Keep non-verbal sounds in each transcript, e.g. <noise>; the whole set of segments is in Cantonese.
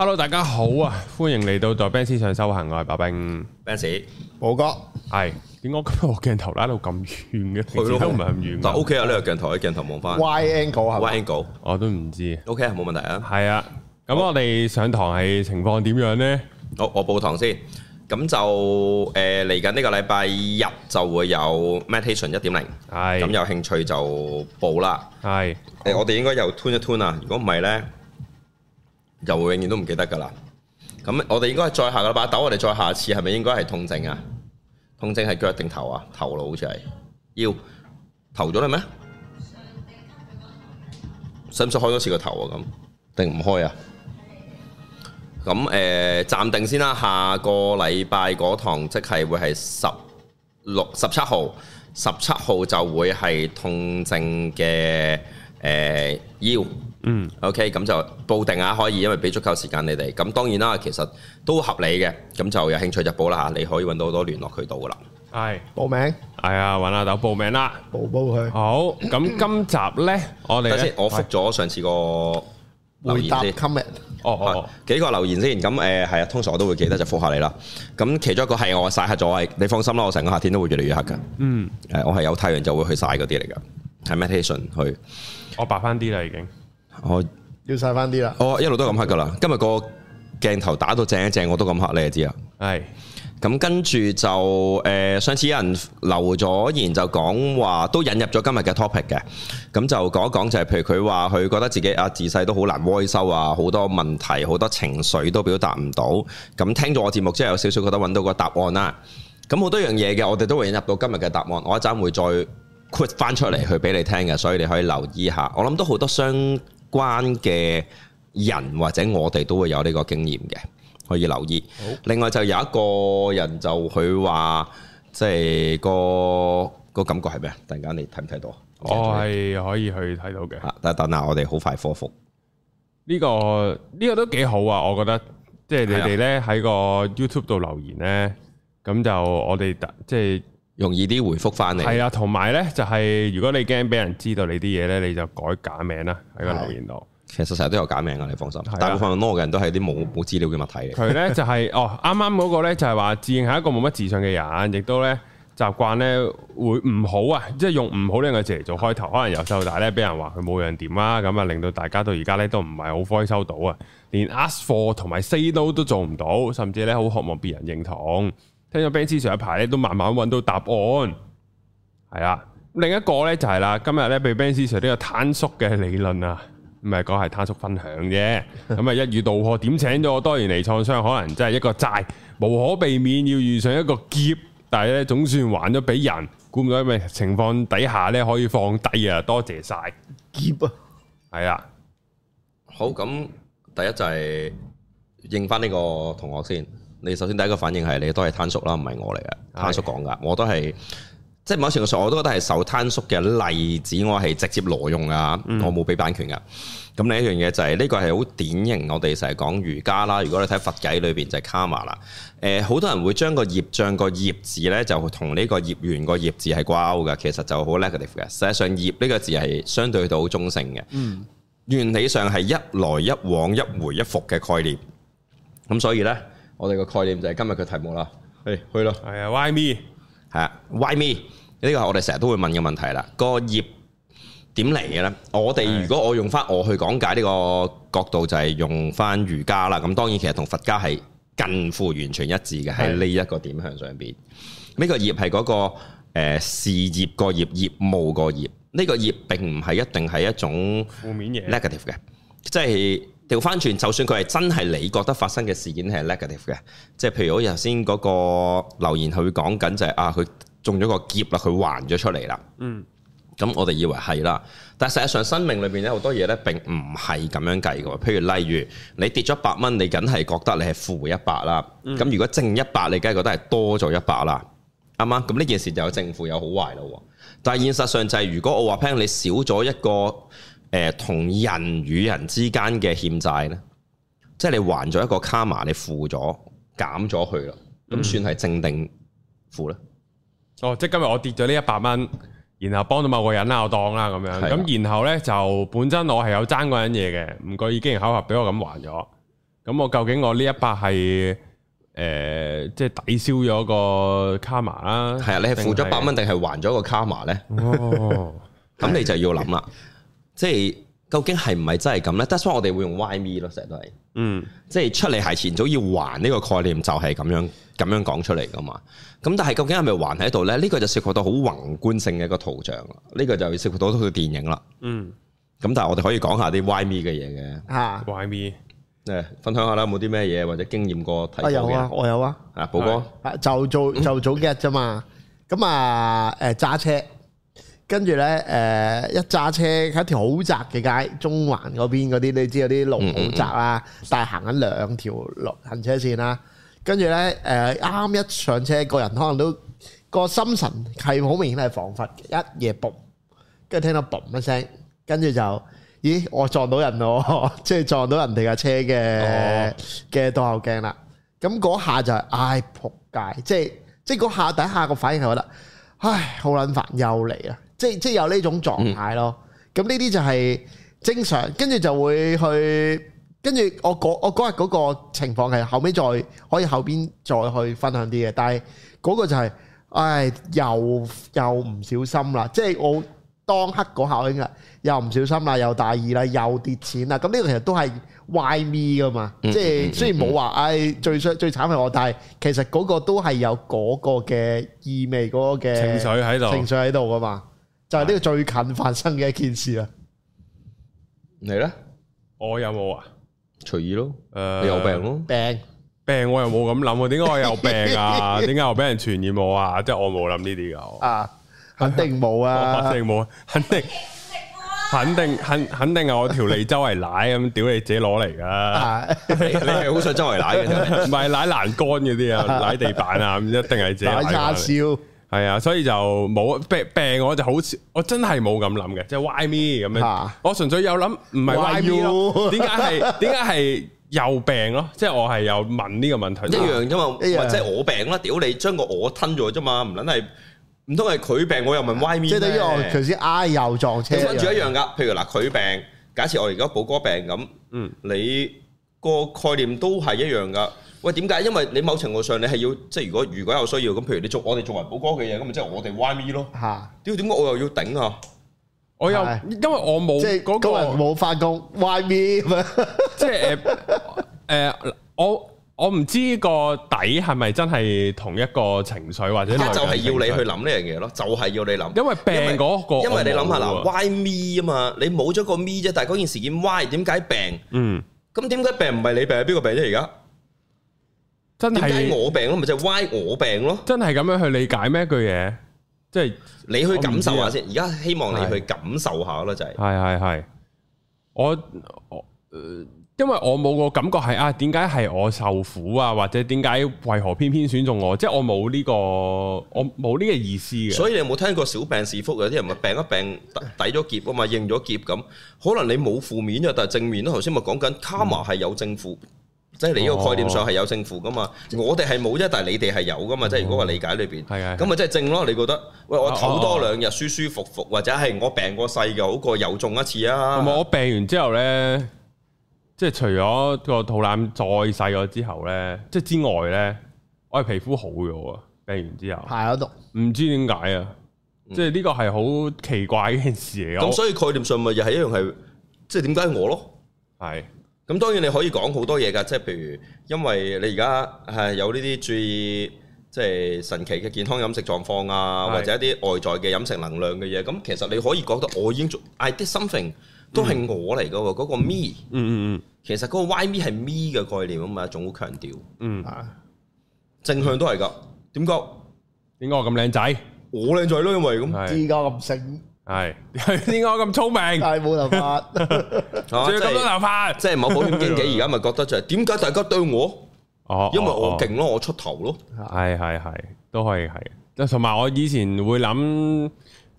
Hello，大家好啊！歡迎嚟到在 Benz 上修行，我係白兵 Benz，寶哥係，點解我今日個鏡頭拉到咁遠嘅？佢都唔係咁遠，是是遠但 O K 啊呢個鏡頭，鏡我頭望翻。Wide angle 係嘛？Wide angle 我都唔知。O K 冇問題啊。係啊，咁我哋上堂係情況點樣呢？好，好，我報堂先，咁就誒嚟緊呢個禮拜日就會有 Meditation 一點零是，係咁有興趣就報啦。係誒是好、呃，我哋應該又推一推啊，如果唔係咧。又會永遠都唔記得噶啦，咁我哋應該係再下個禮拜，等我哋再下次係咪應該係痛症啊？痛症係腳定頭啊？頭路好似係腰，頭咗係咩？使唔使開多次個頭啊？咁定唔開啊？咁誒暫定先啦，下個禮拜嗰堂即係會係十六十七號，十七號就會係痛症嘅誒腰。嗯，OK，咁就報定下可以，因為俾足夠時間你哋。咁當然啦，其實都合理嘅。咁就有興趣就報啦嚇，你可以揾到好多聯絡渠道噶啦。係報名。係啊，揾阿豆報名啦，報報佢。好，咁今集咧，我哋我覆咗上次個留言先。哦哦，好好幾個留言先。咁誒係啊，通常我都會記得就覆下你啦。咁其中一個係我曬黑咗，你放心啦，我成個夏天都會越嚟越黑噶。嗯，誒我係有太陽就會去曬嗰啲嚟噶，係 maintenance 去。我白返啲啦，已經。我、哦、要曬翻啲啦，我、哦、一路都咁黑噶啦。今日個鏡頭打到正一正，我都咁黑，你就知啊？係是，咁、嗯、跟住就誒、呃，上次有人留咗言就講話，都引入咗今日嘅 topic 嘅。咁就講一講，就係譬如佢話佢覺得自己啊自細都好難回收啊，好多問題好多情緒都表達唔到。咁、嗯、聽咗我節目，之後有少少覺得揾到個答案啦。咁、嗯、好多樣嘢嘅，我哋都會引入到今日嘅答案。我一陣會會再 quote 翻出嚟，去俾你聽嘅，所以你可以留意下。我諗都好多雙關嘅人或者我哋都會有呢個經驗嘅，可以留意。好。另外就有一個人就佢話，即係個個感覺係咩啊？突然間你睇唔睇到？我係可以去睇到嘅。吓，等一等啊！我哋好快科復。呢個呢個都幾好啊！我覺得，即係你哋咧喺個 YouTube 度留言咧，咁就我哋即係。容易啲回覆翻嚟。係啊，同埋咧就係、是，如果你驚俾人知道你啲嘢咧，你就改假名啦喺個留言度，啊。其實成日都有假名噶，你放心。啊、大部分多嘅人都係啲冇冇資料嘅物體。佢咧就係、是、 <laughs> 哦，啱啱嗰個咧就係話自認係一個冇乜自信嘅人，亦都咧習慣咧會唔好啊，即係用唔好呢個字嚟做開頭，可能由細到大咧俾人話佢冇樣點啦，咁啊令到大家到而家咧都唔係好開收到啊，連 ask for 同埋 say no 都做唔到，甚至咧好渴望別人認同。聽咗 Benz Sir 一排咧，都慢慢揾到答案，係啦。另一個咧就係、是、啦，今日咧俾 Benz Sir 呢個攤叔嘅理論啊，唔係講係攤叔分享啫。咁啊 <laughs> 一語道破，點請咗我多年嚟創傷，可能真係一個債，無可避免要遇上一個劫。但係咧總算還咗俾人，估唔到咩情況底下咧可以放低啊！多謝晒劫啊，係啊的。好咁，第一就係認翻呢個同學先。你首先第一個反應係你都係攤叔啦，唔係我嚟嘅。攤是叔講噶，我都係即係某程度上，我都覺得係受攤叔嘅例子，我係直接挪用噶，嗯、我冇俾版權噶。咁另一樣嘢就係、是、呢、這個係好典型，我哋成日講瑜伽啦。如果你睇佛偈裏邊就係卡嘛啦，誒、呃，好多人會將個業障個業字咧就同呢個業緣個業字係掛鈎嘅，其實就好 negative 嘅。實際上業呢、這個字係相對到好中性嘅，嗯、原理上係一來一往一回一復嘅概念。咁所以咧。我哋個概念就係今日嘅題目啦，去去咯。係啊，Why me？係啊，Why me？呢個係我哋成日都會問嘅問題啦。個業點嚟嘅咧？我哋如果我用翻我去講解呢個角度，就係用翻瑜伽啦。咁當然其實同佛家係近乎完全一致嘅，喺呢一個點向上邊。呢個業係嗰個誒事業個業、業務個業。呢個業並唔係一定係一種負面嘢，negative 嘅，即係。調翻轉，就算佢係真係你覺得發生嘅事件係 negative 嘅，即係譬如我頭先嗰個留言佢講緊就係、是、啊，佢中咗個劫啦，佢還咗出嚟啦。嗯，咁我哋以為係啦，但係實際上生命裏邊咧，好多嘢咧並唔係咁樣計嘅。譬如例如你跌咗百蚊，你梗係覺得你係負一百啦。咁、嗯、如果正一百，你梗係覺得係多咗一百啦。啱啊。咁呢件事就有正負有好壞咯。但係現實上就係如果我話聽你，你少咗一個。誒同、呃、人與人之間嘅欠債咧，即係你還咗一個卡瑪，你付咗減咗去啦，咁、嗯、算係正定付咧。哦，即係今日我跌咗呢一百蚊，然後幫到某個人啦，我當啦咁樣，咁、啊、然後咧就本身我係有爭嗰人嘢嘅，唔過已經巧合俾我咁還咗。咁我究竟我呢一百係誒、呃、即係抵消咗個卡瑪啦？係啊，你係付咗一百蚊定係還咗個卡瑪咧？哦，咁 <laughs> 你就要諗啦。 <laughs> <laughs> 即係究竟係唔係真係咁咧？That's why 我哋會用 Why me 咯，成日都係，嗯，即係出嚟還前早要還呢個概念就係咁樣咁樣講出嚟噶嘛。咁但係究竟係咪還喺度咧？呢、這個就涉及到好宏觀性嘅一個圖像，呢、這個就涉及到套電影啦。嗯，咁但係我哋可以講下啲 Why me 嘅嘢嘅。啊 Why me 誒，分享下啦，冇啲咩嘢或者經驗過睇啊有啊，我有啊。啊哥，寶哥是，就做就早嘅日啫嘛。咁、嗯、啊，誒，揸車。跟住咧，誒一揸車喺條好窄嘅街，中環嗰邊嗰啲，你知有啲路好窄啊，但係行緊兩條路行車線啦。跟住咧，誒啱一上車，個人可能都個心神係好明顯係恍惚嘅，一夜 boom。跟住聽到 boom 一聲，跟住就，咦我撞到人咯，即係撞到人哋架車嘅嘅倒後鏡啦。咁嗰下就係，唉仆街！即係即係嗰下第一下個反應係覺得，唉好撚煩，又嚟啦～即係即係有呢種狀態咯，咁呢啲就係正常，跟住就會去，跟住我嗰我嗰日嗰個情況係後尾再可以後邊再去分享啲嘢，但係嗰個就係、是，唉，又又唔小心啦，即係我當刻嗰下已經又唔小心啦，又大意啦，又跌錢啦，咁呢個其實都係 Why me 噶嘛，即係雖然冇話唉最衰最慘係我，但係其實嗰個都係有嗰個嘅意味嗰、嗰個嘅情緒喺度，情緒喺度噶嘛。就係呢個最近發生嘅一件事 <music> 有有啊。你咧，我有冇啊？隨意咯，有、呃、病咯？病病我又冇咁諗，點解我有病啊？點解 <laughs> 我俾人傳染我啊？即、就、係、是、我冇諗呢啲噶。啊，肯定冇啊，啊，肯定冇，肯定，肯定，肯肯定係我條脷周圍奶咁，屌你自己攞嚟噶。你係好想周圍奶嘅，唔係奶欄干嗰啲啊，奶地板啊，咁一定係自己奶叉燒。 <laughs> 係啊，所以就冇病病我就好似我真係冇咁諗嘅，即係 why me 咁樣啊。我純粹有諗，唔係 why me 點解係？點解係又病咯？即係 <laughs> 我係又問呢個問題 <laughs> 一樣噶嘛？即係我病啦，屌你將個我吞咗啫嘛？唔諗係唔通係佢病，我又問 why me？即係等於我頭先 I 又撞車，跟住一樣噶。譬如嗱，佢病，假設我而家寶哥病咁，嗯，你個概念都係一樣噶。喂，點解？因為你某程度上你係要，即係如果如果有需要咁，譬如你做我哋做文保哥嘅嘢，咁咪即係我哋 why me 咯？嚇！屌點解我又要頂啊？我又因為我冇即係嗰個人冇發功，why me 咁啊？即係誒誒，我我唔知個底係咪真係同一個情緒或者？佢就係要你去諗呢樣嘢咯，就係要你諗。因為病嗰個，因為你諗下嗱，why me 啊嘛？你冇咗個 me 啫，但係嗰件事件 why？點解病？嗯，咁點解病唔係你病係邊個病啫？而家？真係我病咯，咪就係歪我病咯？真係咁樣去理解咩一句嘢？即係你去感受下先。而家希望你去感受下咯，就係係係。我我，因為我冇個感覺係啊，點解係我受苦啊？或者點解為何偏偏選中我？即係我冇呢個，我冇呢個意思嘅。所以你有冇聽過小病是福啊？有啲人咪病一病抵咗劫啊嘛，應咗劫咁。可能你冇負面嘅，但係正面咯。頭先咪講緊卡瑪係有正負。即係你呢個概念上係有勝負噶嘛？噢我哋係冇啫，但係你哋係有噶嘛？即係噢如果我理解裏邊，咁咪即係正咯？你覺得？喂噢，我唞多兩日舒舒服服，噢或者係我病過細嘅好過又中一次啊！我病完之後咧，即係除咗個肚腩再細咗之後咧，即係之外咧，我係皮膚好咗啊！病完之後排咗毒，唔、嗯、知點解啊？即係呢個係好奇怪嘅事嚟。咁、嗯、所以概念上咪又係一樣係，即係點解我咯？係。咁當然你可以講好多嘢噶，即係譬如因為你而家係有呢啲注意，即係神奇嘅健康飲食狀況啊，是或者一啲外在嘅飲食能量嘅嘢。咁其實你可以覺得我已經做，I did something，都係我嚟噶喎，嗰、嗯、個 me，嗯嗯嗯，其實嗰個 why me 係 me 嘅概念啊嘛，仲好強調，嗯啊，正向都係噶，點解？點解我咁靚仔？我靚仔咯，因為咁而家咁係點解咁聰明？係冇頭髮，仲有咁多頭髮，即係冇保險經紀而家咪覺得就係點解大家對我，哦，哦，因為我勁咯，哦、我出頭咯，係係係都可以係，同埋我以前會諗誒、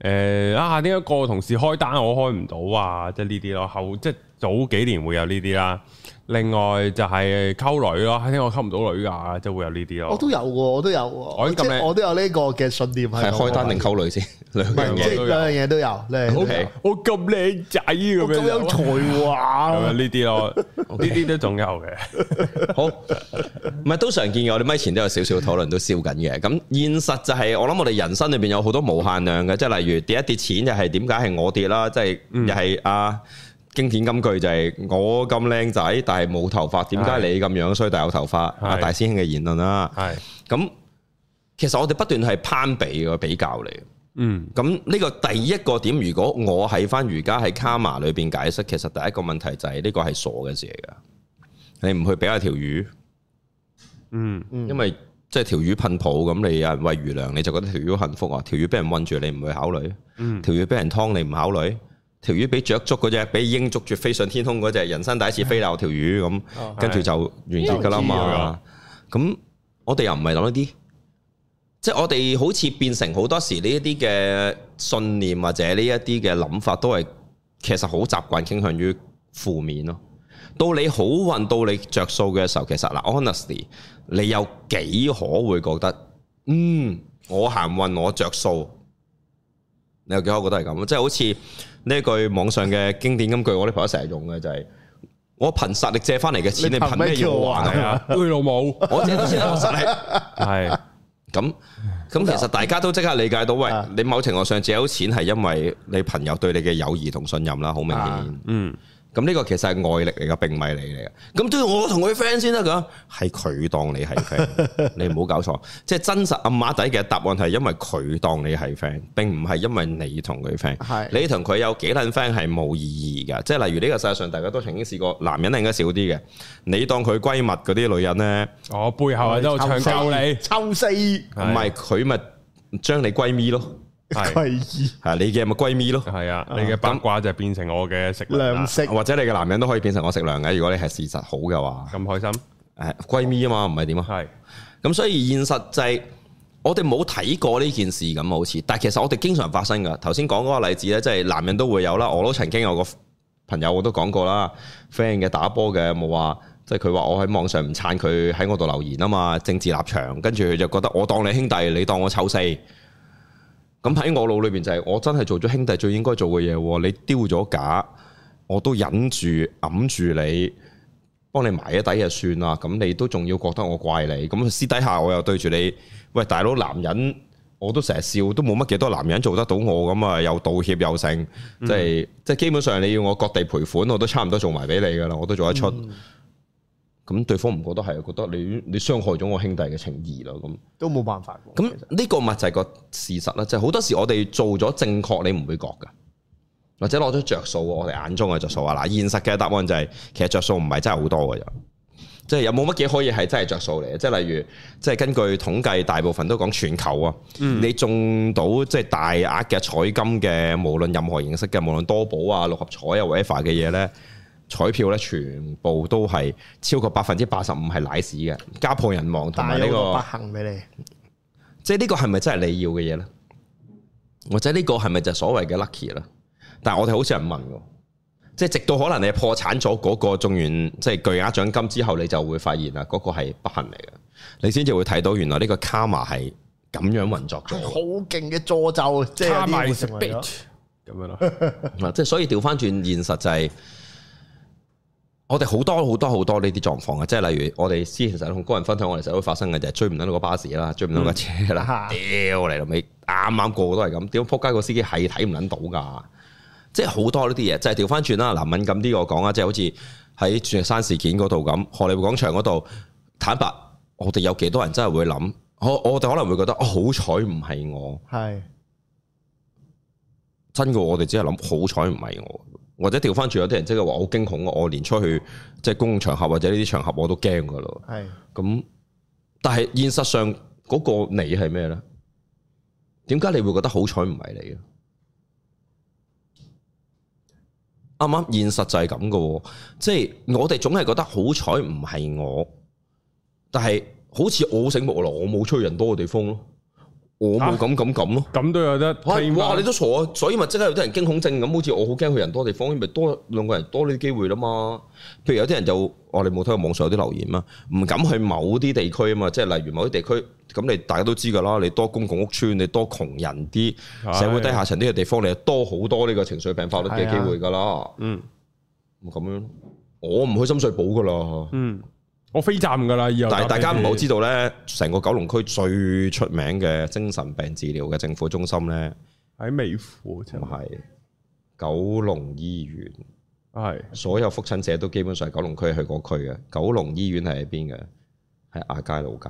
呃、啊，呢一個同事開單我開唔到啊，即係呢啲咯，後即係早幾年會有呢啲啦。另外就係溝女咯，聽我溝唔到女㗎，即係會有呢啲咯。我都有喎，我都有喎。我咁靚，我都有呢個嘅信念，係開單定溝女先？兩樣嘢都有。兩樣嘢都有。好，我咁靚仔咁樣，都好有才華。咁樣呢啲咯，呢啲都仲有嘅。好，唔係都常見嘅。我哋咪以前都有少少討論都笑緊嘅。咁現實就係我諗，我哋人生裏邊有好多無限量嘅，即係例如跌一跌錢，就係點解係我跌啦，即係又係啊！經典金句就係我咁靚仔，但係冇頭髮，點解你咁樣衰但有頭髮？是的 大師兄嘅言論啦、啊。係咁是的，其實我哋不斷係攀比個比較嚟。嗯，咁呢個第一個點，如果我喺翻瑜伽喺卡瑪裏邊解釋，其實第一個問題就係呢個係傻嘅事嚟㗎。你唔去比下條魚，嗯，嗯，因為即係條魚噴泡咁，你有人餵魚糧，你就覺得條魚幸福啊。條魚俾人韞住，你唔會考慮。嗯，條魚俾人劏，你唔考慮。條魚俾雀捉嗰隻，俾鷹捉住飛上天空嗰隻，人生第一次飛漏條魚咁，跟住就完結噶啦、嗯、嘛。咁、嗯、我哋又唔係諗一啲，即係我哋好似變成好多時呢一啲嘅信念或者呢一啲嘅諗法，都係其實好習慣傾向於負面咯。到你好運到你着數嘅時候，其實嗱，honestly，你有幾可會覺得，嗯，我行運我着數，你有幾可覺得係咁？即、就、係、是、好似。呢一句網上嘅經典金句，我啲朋友成日用嘅就係、是、我憑實力借翻嚟嘅錢，你憑咩要還啊？對老母，我借到錢、啊、我實力係咁咁，啊、 <laughs> 其實大家都即刻理解到，喂，你某程度上借到錢係因為你朋友對你嘅友誼同信任啦，好明顯、啊。嗯。咁呢個其實係外力嚟㗎，並唔係你嚟㗎。咁都要我同佢 friend 先得㗎，係佢當你係 friend， <laughs> 你唔好搞錯。即係真實暗碼底嘅答案係因為佢當你係 friend，並唔係因為你同佢 friend。係是你同佢有幾撚 friend 係冇意義㗎？即係例如呢個世界上大家都曾經試過，男人係應該少啲嘅。你當佢閨蜜嗰啲女人咧，我、哦、背後喺度搶救你，抽死唔係佢咪將你閨蜜咯？貴係你嘅咪閨咪咯，係啊，你嘅八卦就變成我嘅食糧，食或者你嘅男人都可以變成我食糧嘅，如果你係事實好嘅話，咁開心誒，閨蜜啊嘛，唔係點啊？係咁的，所以現實就係，是，我哋冇睇過呢件事咁好似，但係其實我哋經常發生噶頭先講嗰個例子咧，即，就，係，是，男人都會有啦，我都曾經有個朋友我都講過啦，friend 嘅打波嘅冇話，即係佢話我喺網上唔撐佢喺我度留言啊嘛，政治立場，跟住佢就覺得我當你兄弟，你當我臭四。咁喺我腦裏邊就係，我真係做咗兄弟最應該做嘅嘢。你丟咗架，我都忍住揞住你，幫你埋一底就算啦。咁你都仲要覺得我怪你，咁私底下我又對住你，喂，大佬，男人我都成日笑，都冇乜幾多男人做得到我咁啊，又道歉又成，就是嗯、即係即係基本上你要我割地賠款，我都差唔多做埋俾你噶啦，我都做得出。嗯咁對方唔覺得係，覺得你你傷害咗我兄弟嘅情義咯，咁都冇辦法。咁呢個咪就係個事實啦。即係好多時我哋做咗正確，你唔會覺噶，或者攞咗着數喎。我哋眼中嘅着數啊，嗱、嗯，現實嘅答案就係、是、其實着數唔係真係好多嘅啫。即、就、係、是、有冇乜嘢可以係真係着數嚟？即、就、係、是、例如，即、就、係、是、根據統計，大部分都講全球啊，嗯、你中到即係大額嘅彩金嘅，無論任何形式嘅，無論多寶啊、六合彩啊或 e v 嘅嘢咧。彩票咧，全部都係超過百分之八十五係奶屎嘅，家破人亡同埋呢個不幸俾你，即係呢個係咪真係你要嘅嘢咧？或者呢個係咪就所謂嘅 lucky 咧？但係我哋好少人問我，即係直到可能你破產咗嗰個中完即係巨額獎金之後，你就會發現啦，嗰個係不幸嚟嘅，你先至會睇到原來呢個 Karma 係咁樣運作嘅、啊啊，好勁嘅助咒，即係啲咁樣咯。啊，即係所以調翻轉現實就係、是。我哋好多好多好多呢啲狀況啊，即係例如我哋之前實同高人分享，我哋實都發生嘅就係、是、追唔到個巴士啦，追唔到架車啦，屌嚟、嗯嗯、到尾啱啱個個都係咁，點仆街個司機係睇唔捻到噶，即係好多呢啲嘢，就係調翻轉啦。嗱，敏感啲我講啊，即係好似喺鑽石山事件嗰度咁，荷里活廣場嗰度，坦白我哋有幾多人真係會諗，我哋可能會覺得好彩唔係我，係是真嘅，我哋只係諗好彩唔係我。或者調翻轉，有啲人即係話好驚恐，我連出去即係公共場合或者呢啲場合我都驚㗎咯。係咁，但係現實上嗰個你係咩咧？點解你會覺得好彩唔係你？啱啱現實就係噉㗎喎，即係我哋總係覺得好彩唔係我，但係好似我醒目咯，我冇出去人多嘅地方咯。我冇敢咁咁咯，咁都、啊、有得、係喎。哇！你都傻啊，所以咪即刻有啲人驚恐症咁，好似我好驚去人多地方，咪多兩個人多呢啲機會啦嘛。譬如有啲人就，我哋冇睇過網上有啲留言嘛，唔敢去某啲地區啊嘛，即係例如某啲地區，咁你大家都知噶啦，你多公共屋村，你多窮人啲的社會低下層啲嘅地方，你又多好多呢個情緒病發率嘅機會噶啦。嗯，咁樣，我唔去深水埗噶啦。嗯。我飛站噶啦，以後但係大家唔好知道咧，成個九龍區最出名嘅精神病治療嘅政府中心咧，喺 <laughs> 美孚，就係九龍醫院，係、啊、所有覆診者都基本上係九龍區去嗰區嘅。九龍醫院係喺邊嘅？喺亞皆老街。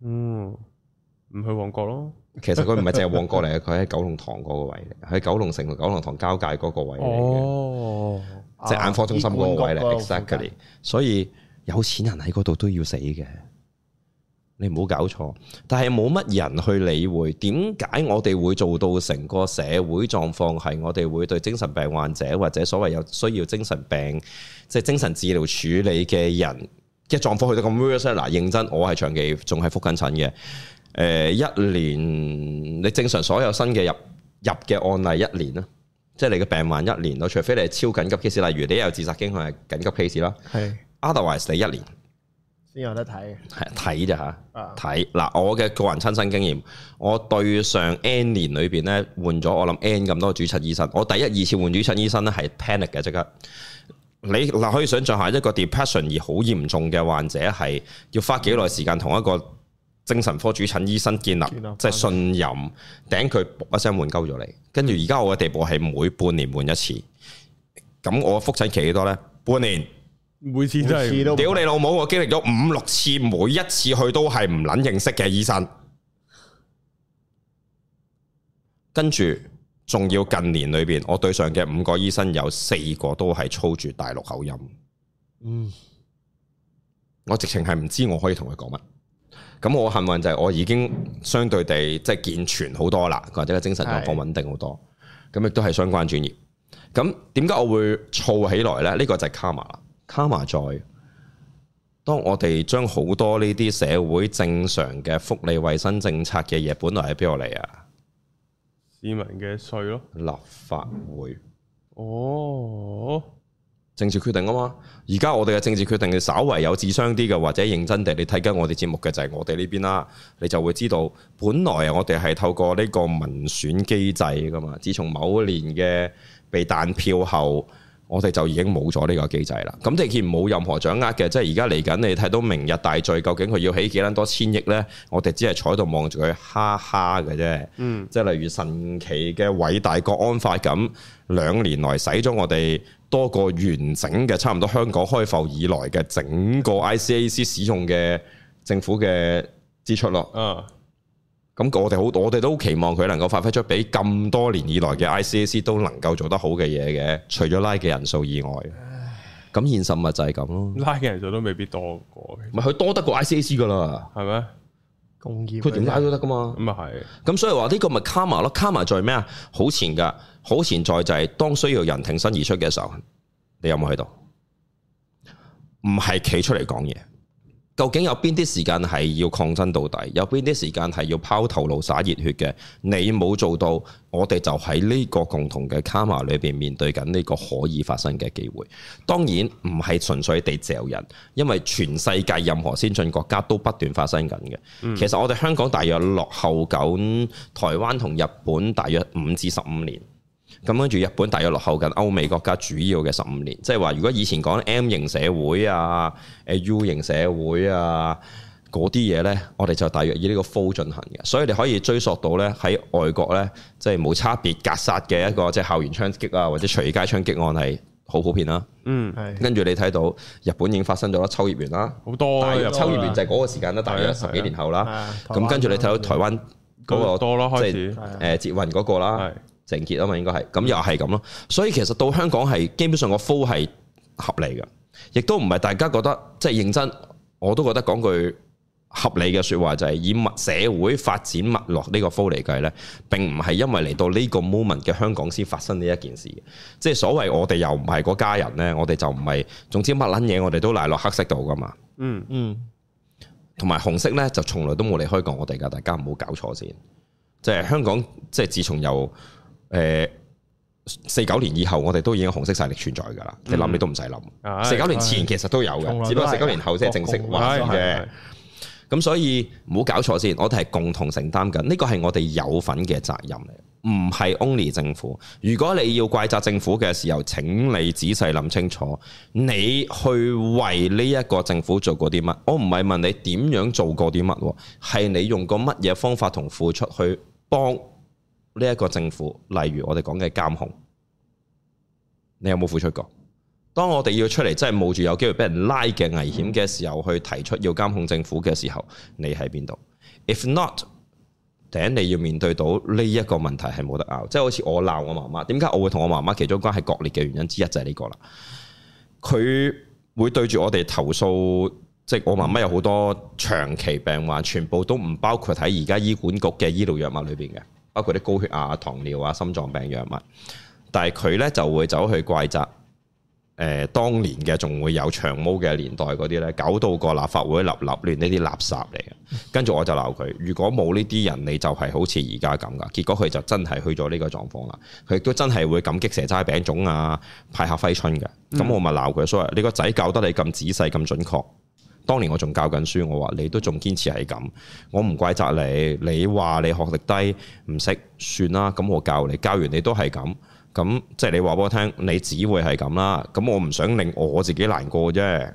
嗯，唔去旺角咯。其實佢唔係淨係旺角嚟嘅，佢喺 <laughs> 九龍塘嗰個位，嚟，喺九龍城同九龍塘交界嗰個位嚟嘅，即係、哦、眼科中心嗰個位咧。位 Exactly，所以。有錢人喺嗰度都要死嘅，你唔好搞錯。但係冇乜人去理會點解我哋會做到成個社會狀況係我哋會對精神病患者或者所謂有需要精神病即係精神治療處理嘅人嘅狀況去到咁 serious 嗱，認真我係長期仲係覆緊診嘅。誒、呃、一年，你正常所有新嘅入入嘅案例一年啦，即、就、係、是、你嘅病患一年咯，除非你係超緊急嘅事，例如你有自殺傾向係緊急 case 啦，係。Otherwise，你一年先有得睇，係睇啫吓，睇嗱、啊。我嘅個人親身經驗，我對上 N 年裏邊咧，換咗我諗 N 咁多主診醫生。我第一二次換主診醫生咧，係 panic 嘅即刻。你嗱可以想象下一個 depression 而好嚴重嘅患者係要花幾耐時間同一個精神科主診醫生建立、嗯、即係信任，頂佢一聲換鳩咗你，跟住而家我嘅地步係每半年換一次，咁我復診期幾多咧？半年。每次真係屌你老母！我經歷咗五六次，每一次去都係唔撚認識嘅醫生。跟住仲要近年裏邊，我對上嘅五個醫生有四個都係操住大陸口音。嗯，我直情係唔知我可以同佢講乜。咁我幸運就係我已經相對地即係健全好多啦，或者個精神狀況穩定好多。咁亦是都係相關專業。咁點解我會躁起來呢？呢、這個就係卡嘛啦。卡瑪在，當我哋將好多呢啲社會正常嘅福利、衛生政策嘅嘢，本來喺邊度嚟啊？市民嘅稅咯。立法會。哦。政治決定啊嘛，而家我哋嘅政治決定，稍為有智商啲嘅，或者認真啲，你睇緊我哋節目嘅就係我哋呢邊啦，你就會知道，本來我哋係透過呢個民選機制㗎嘛，自從某年嘅被彈票後。我哋就已經冇咗呢個機制啦，咁即係既然冇任何掌握嘅，即係而家嚟緊你睇到《明日大嶼》究竟佢要起幾多千億呢？我哋只係坐喺度望住佢，哈哈嘅啫。嗯，即係例如神奇嘅偉大國安法咁，兩年來使咗我哋多過完整嘅差唔多香港開埠以來嘅整個 ICAC 使用嘅政府嘅支出咯。嗯。咁我哋好，我哋都期望佢能夠發揮出比咁多年以來嘅 ICAC 都能夠做得好嘅嘢嘅，除咗拉嘅人數以外。咁現實咪就係咁咯。拉嘅人數都未必多過。唔係佢多得過 ICAC 噶啦，係咪嗎？公義佢點拉都得噶嘛。咁啊係。咁所以話呢個咪 Karma 咯，Karma 在咩啊？好前噶，好前在就係當需要人挺身而出嘅時候，你有冇喺度？唔係企出嚟講嘢。究竟有邊啲時間係要抗爭到底？有邊啲時間係要拋頭顱灑熱血嘅？你冇做到，我哋就喺呢個共同嘅卡瑪裏邊面對緊呢個可以發生嘅機會，當然唔係純粹地嚼人，因為全世界任何先進國家都不斷發生緊嘅。嗯，其實我哋香港大約落後緊台灣同日本大約五至十五年。咁跟住日本大約落後緊歐美國家主要嘅十五年，即係話如果以前講 M 型社會啊、誒 U 型社會啊嗰啲嘢咧，我哋就大約以呢個 flow 進行嘅，所以你可以追溯到咧喺外國咧，即係冇差別格殺嘅一個即係校園槍擊啊，或者隨街槍擊案係好普遍啦、啊。嗯，跟住你睇到日本已經發生咗啦，秋葉原啦好多，大約秋葉原就係嗰個時間啦，大約十幾年後啦。咁跟住你睇到台灣嗰、嗰個多咯，即係誒捷運嗰個啦。整結啊嘛，應該係咁，又係咁咯。所以其實到香港係基本上個 fall 係合理嘅，亦都唔係大家覺得即係認真。我都覺得講句合理嘅説話就係以物社會發展脈絡呢個 fall 嚟計呢，並唔係因為嚟到呢個 moment 嘅香港先發生呢一件事，即係所謂我哋又唔係嗰家人呢，我哋就唔係。總之乜撚嘢我哋都賴落黑色度噶嘛。嗯嗯。同埋紅色呢，就從來都冇離開過我哋噶。大家唔好搞錯先。即係香港，即係自從由。誒，四九、呃、年以後我哋都已經紅色勢力存在噶啦，你諗、嗯、你都唔使諗。四九年前其實都有嘅，嗯、只不過四九年後先係正式話嘅。咁、嗯、所以唔好搞錯先，我哋係共同承擔緊，呢個係我哋有份嘅責任嚟，唔係 only 政府。如果你要怪責政府嘅時候，請你仔細諗清楚，你去為呢一個政府做過啲乜？我唔係問你點樣做過啲乜，係你用過乜嘢方法同付出去幫。呢一個政府，例如我哋講嘅監控，你有冇付出過？當我哋要出嚟，真係冒住有機會俾人拉嘅危險嘅時候，去提出要監控政府嘅時候，你喺邊度？If not，第一你要面對到呢一個問題係冇得拗，即係好似我鬧我媽媽，點解我會同我媽媽其中關係割裂嘅原因之一就係呢個啦。佢會對住我哋投訴，即係我媽媽有好多長期病患，全部都唔包括喺而家醫管局嘅醫療藥物裏邊嘅。包括啲高血壓、糖尿啊、心臟病藥物，但係佢咧就會走去怪責，誒、呃、當年嘅仲會有長毛嘅年代嗰啲咧，搞到個立法會立立亂呢啲垃圾嚟，跟住我就鬧佢。如果冇呢啲人，你就係好似而家咁噶。結果佢就真係去咗呢個狀況啦，佢都真係會感激蛇齋餅種啊、派下揮春嘅，咁我咪鬧佢。嗯、所以你個仔教得你咁仔細、咁準確。當年我仲教緊書，我話你都仲堅持係咁，我唔怪責你。你話你學歷低唔識算啦，咁我教你教完你都係咁，咁即係你話俾我聽，你只會係咁啦。咁我唔想令我自己難過啫，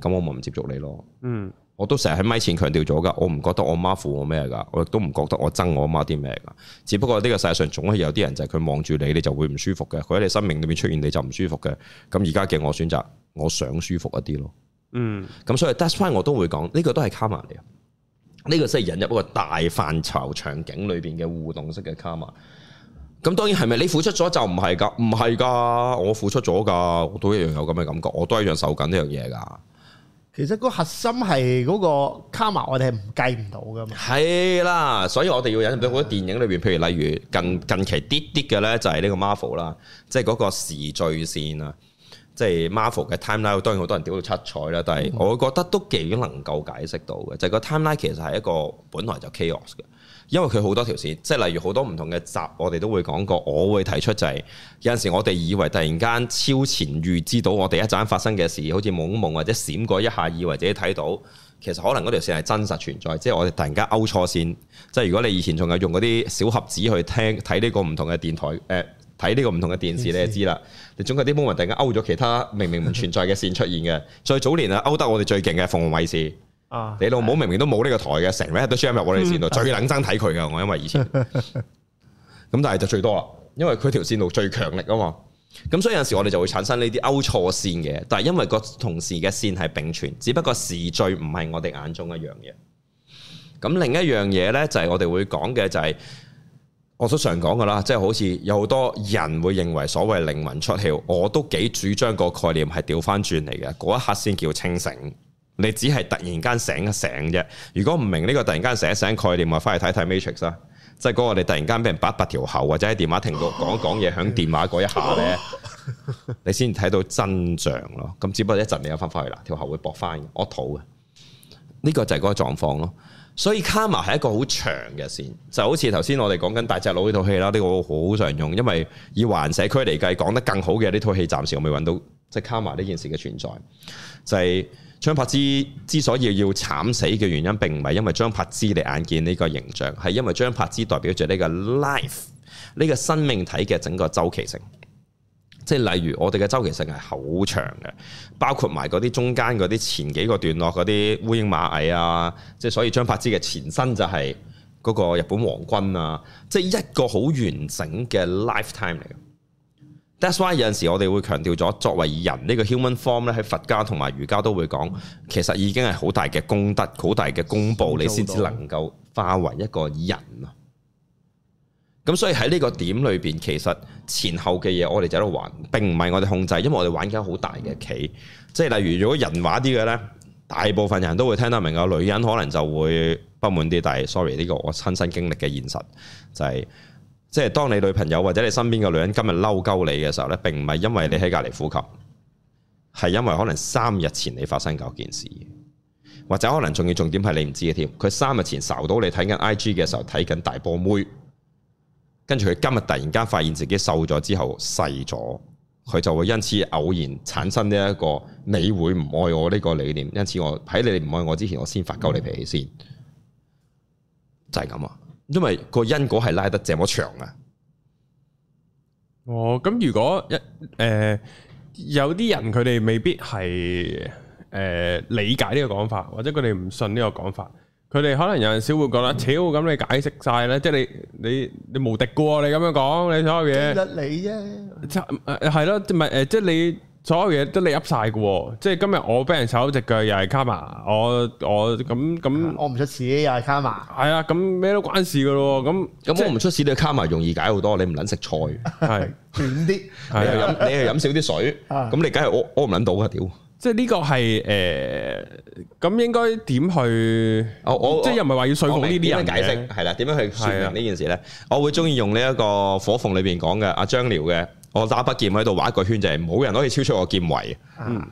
咁我咪唔接觸你咯。嗯，我都成日喺咪前強調咗噶，我唔覺得我媽負我咩噶，我亦都唔覺得我憎我媽啲咩噶。只不過呢個世界上總係有啲人就係佢望住你，你就會唔舒服嘅。佢喺你生命裏面出現，你就唔舒服嘅。咁而家嘅我選擇，我想舒服一啲咯。嗯，咁所以 that's why 我都會講呢個都係卡瑪嚟，呢個真係引入一個大範疇場景裏邊嘅互動式嘅卡瑪。咁當然係咪你付出咗就唔係噶？唔係噶，我付出咗噶，我都一樣有咁嘅感覺，我都一樣受緊呢樣嘢噶。其實個核心係嗰個卡瑪，arma, 我哋係唔計唔到噶嘛。係啦，所以我哋要引入到好多電影裏邊，的譬如例如近近期啲啲嘅咧，就係呢個 Marvel 啦，即係嗰個時序線啊。即係 Marvel 嘅 timeline，當然好多人屌到七彩啦。但係我覺得都幾能夠解釋到嘅，嗯、就係個 timeline 其實係一個本來就 chaos 嘅，因為佢好多條線。即係例如好多唔同嘅集，我哋都會講過。我會提出就係、是、有陣時我哋以為突然間超前預知到我哋一陣間發生嘅事，好似懵一懵或者閃過一下，以為自己睇到，其實可能嗰條線係真實存在。即係我哋突然間勾錯線。即係如果你以前仲有用嗰啲小盒子去聽睇呢個唔同嘅電台誒。呃睇呢個唔同嘅電視，你就知啦。你事總覺啲 moment 突然間勾咗其他明明唔存在嘅線出現嘅。最 <laughs> 早年啊，勾得我哋最勁嘅鳳凰衞視啊，哦、你老母明明都冇呢個台嘅，成日、嗯、都穿入我哋線度，嗯、最冷爭睇佢嘅我，因為以前咁， <laughs> 但係就最多啦，因為佢條線路最強力啊嘛。咁所以有陣時我哋就會產生呢啲勾錯線嘅，但係因為個同時嘅線係並存，只不過時序唔係我哋眼中一樣嘢。咁另一樣嘢咧就係、是、我哋會講嘅就係、是。我都常講噶啦，即係好似有好多人會認為所謂靈魂出竅，我都幾主張個概念係調翻轉嚟嘅。嗰一刻先叫清醒，你只係突然間醒一醒啫。如果唔明呢個突然間醒一醒概念，咪翻去睇睇 Matrix 啦。即係嗰個你突然間俾人拔一拔條喉，或者喺電話亭度講一講嘢，響電話嗰一下咧， <laughs> 你先睇到真相咯。咁只不過一陣你又翻返去啦，條喉會搏翻嘅，我肚嘅呢、呢個就係嗰個狀況咯。所以卡麻係一個好長嘅線，就好似頭先我哋講緊大隻佬呢套戲啦，呢、這個我好常用，因為以環社區嚟計講得更好嘅呢套戲，暫時我未揾到即係卡麻呢件事嘅存在。就係、是、張柏芝之所以要慘死嘅原因，並唔係因為張柏芝你眼見呢個形象，係因為張柏芝代表住呢個 life 呢個生命體嘅整個周期性。即係例如我哋嘅周期性係好長嘅，包括埋嗰啲中間嗰啲前幾個段落嗰啲烏蠅馬蟻啊，即係所以張柏芝嘅前身就係嗰個日本皇軍啊，即係一個好完整嘅 lifetime 嚟嘅。That's why 有陣時我哋會強調咗作為人呢個 human form 咧，喺佛家同埋儒家都會講，其實已經係好大嘅功德、好大嘅公報，你先至能夠化為一個人啊。咁所以喺呢個點裏邊，其實前後嘅嘢我哋就喺度玩，並唔係我哋控制，因為我哋玩緊好大嘅棋。即係例如如果人話啲嘅呢，大部分人都會聽得明，個女人可能就會不滿啲。但係 sorry，呢個我親身經歷嘅現實就係、是，即係當你女朋友或者你身邊嘅女人今日嬲鳩你嘅時候呢，並唔係因為你喺隔籬呼吸，係因為可能三日前你發生咗件事，或者可能仲要重點係你唔知嘅添。佢三日前搜到你睇緊 IG 嘅時候睇緊大波妹。跟住佢今日突然間發現自己瘦咗之後細咗，佢就會因此偶然產生呢一個你會唔愛我呢，這個理念，因此我喺你唔愛我之前，我先發鳩你脾氣先，就係咁啊！因為個因果係拉得這麼長啊！哦，咁如果一誒、呃、有啲人佢哋未必係誒、呃、理解呢個講法，或者佢哋唔信呢個講法。佢哋可能有陣時會覺得，超，咁你解釋晒咧，即係你你你無敵噶，你咁樣講你所有嘢，得你啫，係咯、嗯，唔係誒，即係你所有嘢都你噏晒噶，即係今日我俾人炒隻腳又係 karma，我我咁咁，屙唔出屎又係 karma，係啊，咁咩都關事噶咯，咁咁我唔出屎你 karma 容易解好多，你唔捻食菜係，斷啲，你係飲你係飲少啲水，咁 <laughs> 你梗係屙屙唔捻到噶，屌！即係呢個係誒，咁、呃、應該點去？哦、我即係又唔係話要說服呢啲人解釋係啦？點樣去說明呢件事咧？是的 我會中意用呢一個火鳳裏邊講嘅阿張遼嘅，我打把劍喺度畫一個圈，就係、是、冇人可以超出我劍圍、啊嗯。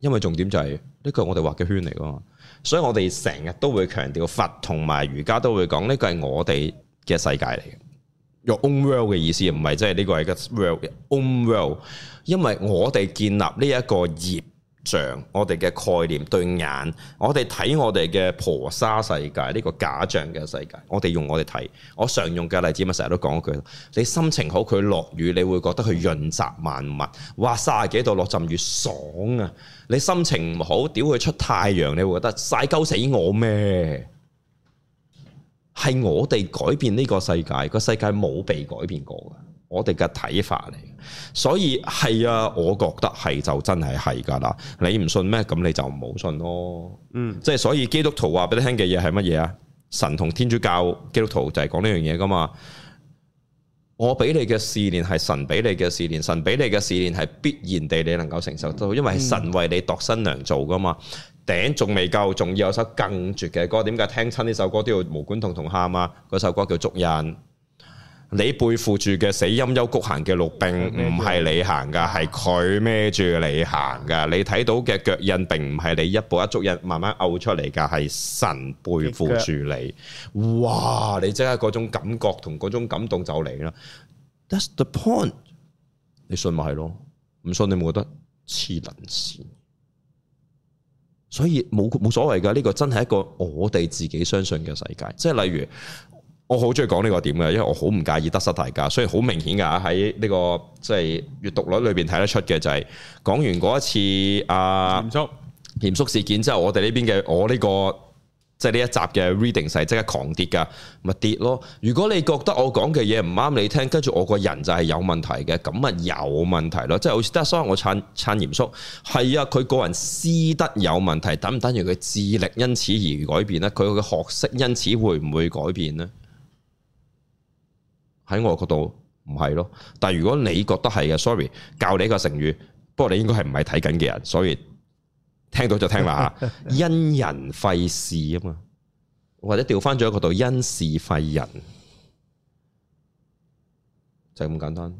因為重點就係呢個我哋畫嘅圈嚟噶嘛，所以我哋成日都會強調佛同埋瑜伽都會講呢個係我哋嘅世界嚟嘅。Your own world 嘅意思唔係即係呢個係一個 world own world，因為我哋建立呢一個業。.像我哋嘅概念對眼，我哋睇我哋嘅婆沙世界呢個假象嘅世界，我哋用我哋睇，我常用嘅例子咪成日都講一句：你心情好，佢落雨，你會覺得佢潤澤萬物；哇，卅幾度落陣雨爽啊！你心情唔好，屌，佢出太陽，你會覺得曬鳩死我咩？係我哋改變呢個世界，個世界冇被改變過噶。我哋嘅睇法嚟，所以係啊，我覺得係就真係係噶啦。你唔信咩？咁你就唔好信咯。嗯，即係所以基督徒話俾你聽嘅嘢係乜嘢啊？神同天主教基督徒就係講呢樣嘢噶嘛。我俾你嘅試煉係神俾你嘅試煉，神俾你嘅試煉係必然地你能夠承受到，因為神為你度新娘做噶嘛。頂仲未夠，仲要有首更絕嘅歌。點解？聽親呢首歌都要毛管戙戙喊啊！嗰首歌叫《祝人》。你背負住嘅死陰幽谷行嘅路，並唔係你行噶，係佢孭住你行噶。你睇到嘅腳印，並唔係你一步一足印慢慢嘔出嚟噶，係神背負住你。哇！你即刻嗰種感覺同嗰種感動就嚟啦。That's the point。你信咪係咯？唔信你冇覺得黐撚線？所以冇冇所謂噶？呢個真係一個我哋自己相信嘅世界。嗯、即係例如。我好中意講呢個點嘅，因為我好唔介意得失大家，所以好明顯噶，喺呢個即係閱讀率裏邊睇得出嘅就係、是、講完嗰一次啊嚴肅叔事件之後，我哋呢邊嘅我呢、這個即係呢一集嘅 reading 勢即刻狂跌噶，咪跌咯。如果你覺得我講嘅嘢唔啱你聽，跟住我個人就係有問題嘅，咁咪有問題咯，即係好似得所 o 我撐撐嚴肅係啊，佢個人私德有問題，等唔等於佢智力因此而改變呢？佢嘅學識因此會唔會改變呢？喺我角度唔係咯，但係如果你覺得係嘅，sorry，教你一個成語，不過你應該係唔係睇緊嘅人，所以聽到就聽啦吓， <laughs> 因人廢事啊嘛，或者調翻轉一個度，因事廢人，就咁簡單。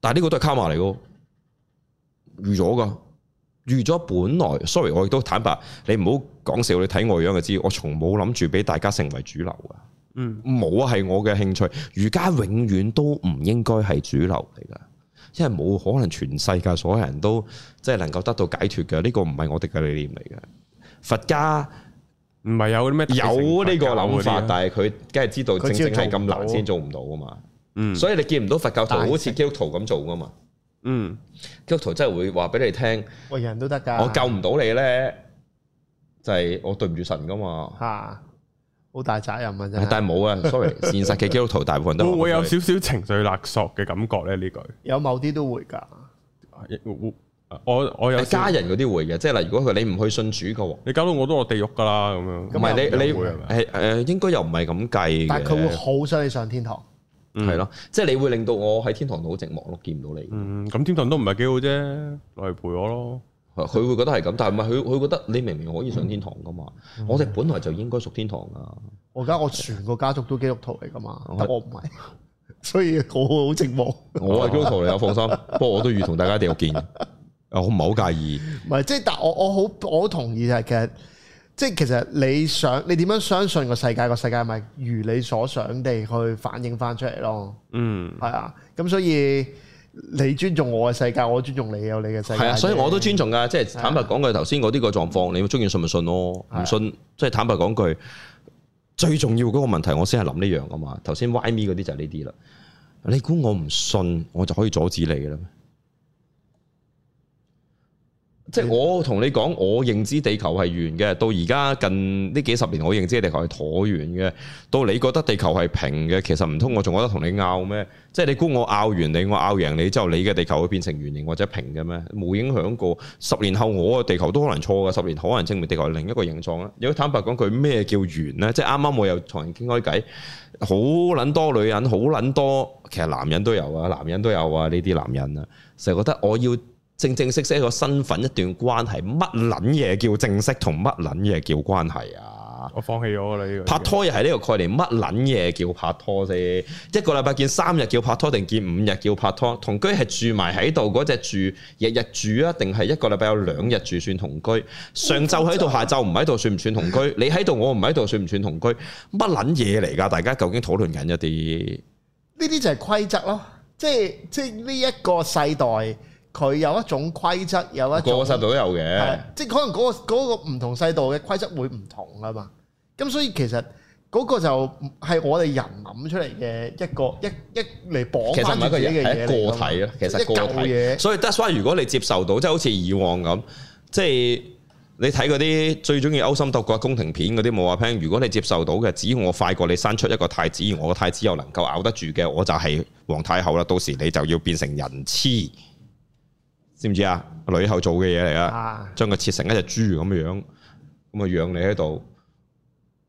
但係呢個都係卡嘛嚟噶，預咗噶，預咗本來，sorry，我亦都坦白，你唔好講笑，你睇我樣就知，我從冇諗住俾大家成為主流啊。嗯，冇啊，係我嘅興趣。瑜伽永遠都唔應該係主流嚟噶，因為冇可能全世界所有人都即係能夠得到解脫嘅。呢、這個唔係我哋嘅理念嚟嘅。佛家唔係有咩，有呢個諗法，但係佢梗係知道正正係咁難先做唔到噶嘛。嗯，所以你見唔到佛教徒好似基督徒咁做噶嘛？嗯，基督徒真係會話俾你聽，我、哦、人都得噶，我救唔到你咧，就係、是、我對唔住神噶嘛。嚇、啊！好大責任啊！真係，但係冇啊。sorry，現實嘅基督徒大部分都 <laughs> 會，會有少少情緒勒索嘅感覺咧。呢句有某啲都會㗎。我我有家人嗰啲會嘅，即係嗱，如果佢你唔去信主嘅話，你搞到我都落地獄㗎啦咁樣。咁係你你係誒、呃、應該又唔係咁計，但係佢會好想你上天堂。係咯、嗯，即係你會令到我喺天堂度好寂寞咯，見唔到你。嗯，咁天堂都唔係幾好啫，落嚟陪我咯。佢會覺得係咁，但係唔係佢？佢覺得你明明可以上天堂㗎嘛？嗯、我哋本來就應該屬天堂㗎。我而家我全個家族都基督徒嚟㗎嘛，是我唔係，所以我好寂寞。我係基督徒嚟，放心。 <laughs> 不過我都預同大家一定要見，我唔係好介意。唔係即係，但我我好我好同意就係其實，即係其實你想你點樣相信個世界？個世界咪如你所想地去反映返出嚟咯。嗯，係啊。咁所以。你尊重我嘅世界，我尊重你有你嘅世界。係啊，所以我都尊重㗎，即係坦白講句頭先嗰啲個狀況，的你會中意信咪信咯，唔信的即係坦白講句最重要嗰個問題我、這個，我先係諗呢樣啊嘛。頭先 Why me 嗰啲就係呢啲啦。你估我唔信，我就可以阻止你嘅咩？即係我同你講，我認知地球係圓嘅，到而家近呢幾十年，我認知地球係橢圓嘅。到你覺得地球係平嘅，其實唔通我仲覺得同你拗咩？即係你估我拗完你，我拗贏你之後，你嘅地球會變成圓形或者平嘅咩？冇影響過。十年後我嘅地球都可能錯嘅，十年可能證明地球係另一個形狀啊！如果坦白講句，咩叫圓咧？即係啱啱我又同人傾開偈，好捻多女人，好捻多其實男人都有啊，男人都有啊，呢啲男人啊，成日覺得我要。正正式式一個身份一段關係，乜撚嘢叫正式同乜撚嘢叫關係啊？我放棄咗啦呢個。拍拖又係呢個概念，乜撚嘢叫拍拖啫？一個禮拜見三日叫拍拖，定見五日叫拍拖？同居係住埋喺度嗰隻住，日日住啊？定係一個禮拜有兩日住算同居？上晝喺度，下晝唔喺度，算唔算同居？你喺度，我唔喺度，算唔算同居？乜撚嘢嚟噶？大家究竟討論緊一啲？呢啲就係規則咯，即係即係呢一個世代。佢有一種規則，有一個個制度都有嘅，即係可能嗰個嗰個唔同世度嘅規則會唔同啊嘛。咁所以其實嗰個就係我哋人諗出嚟嘅一個一一嚟綁住自己嘅嘢嚟咁睇咯。其實舊嘢，一個體所以 that's why 如果你接受到，即係好似以往咁，即係你睇嗰啲最中意勾心鬥角宮廷片嗰啲冇啊 p 如果你接受到嘅，只要我快過你生出一個太子，而我個太子又能夠咬得住嘅，我就係皇太后啦。到時你就要變成人彘。知唔知啊？女后做嘅嘢嚟啊，將佢切成一隻豬咁嘅樣，咁啊養你喺度，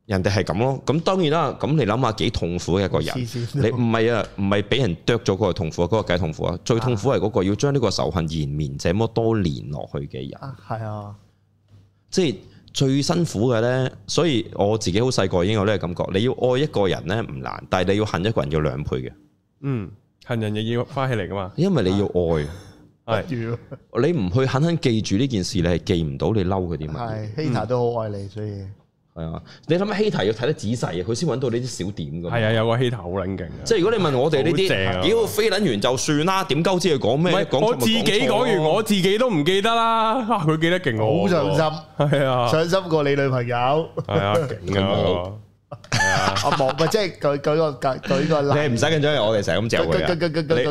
人哋係咁咯。咁當然啦，咁你諗下幾痛苦嘅一個人，嗯、你唔係啊，唔係俾人剁咗嗰個痛苦啊，嗰、嗰個梗係痛苦啊，最痛苦係嗰、嗰個要將呢個仇恨延綿這麼多年落去嘅人。係啊，啊即係最辛苦嘅呢。所以我自己好細個已經有呢個感覺，你要愛一個人呢，唔難，但係你要恨一個人要兩倍嘅。嗯，恨人又要翻起嚟噶嘛，因為你要愛。係，是 <laughs> 你唔去狠狠記住呢件事，你係記唔到你嬲佢啲嘛？係是，hater 都好愛你，所以係啊。你諗下，hater 要睇得仔細，佢先揾到呢啲小點噶嘛？係啊，有個 hater 好冷靜。即係如果你問我哋呢啲，屌非捻完就算啦，點鳩知佢講咩？是啊、我自己講完，我自己都唔記得啦。佢、啊、記得勁、啊，好上心。係啊，上心過你女朋友。係 <laughs> 啊，勁 <laughs> 係啊，嗯、 <laughs> 我冇啊，即係舉舉個舉個，舉個例你唔使緊張，因為我哋成日咁嚼會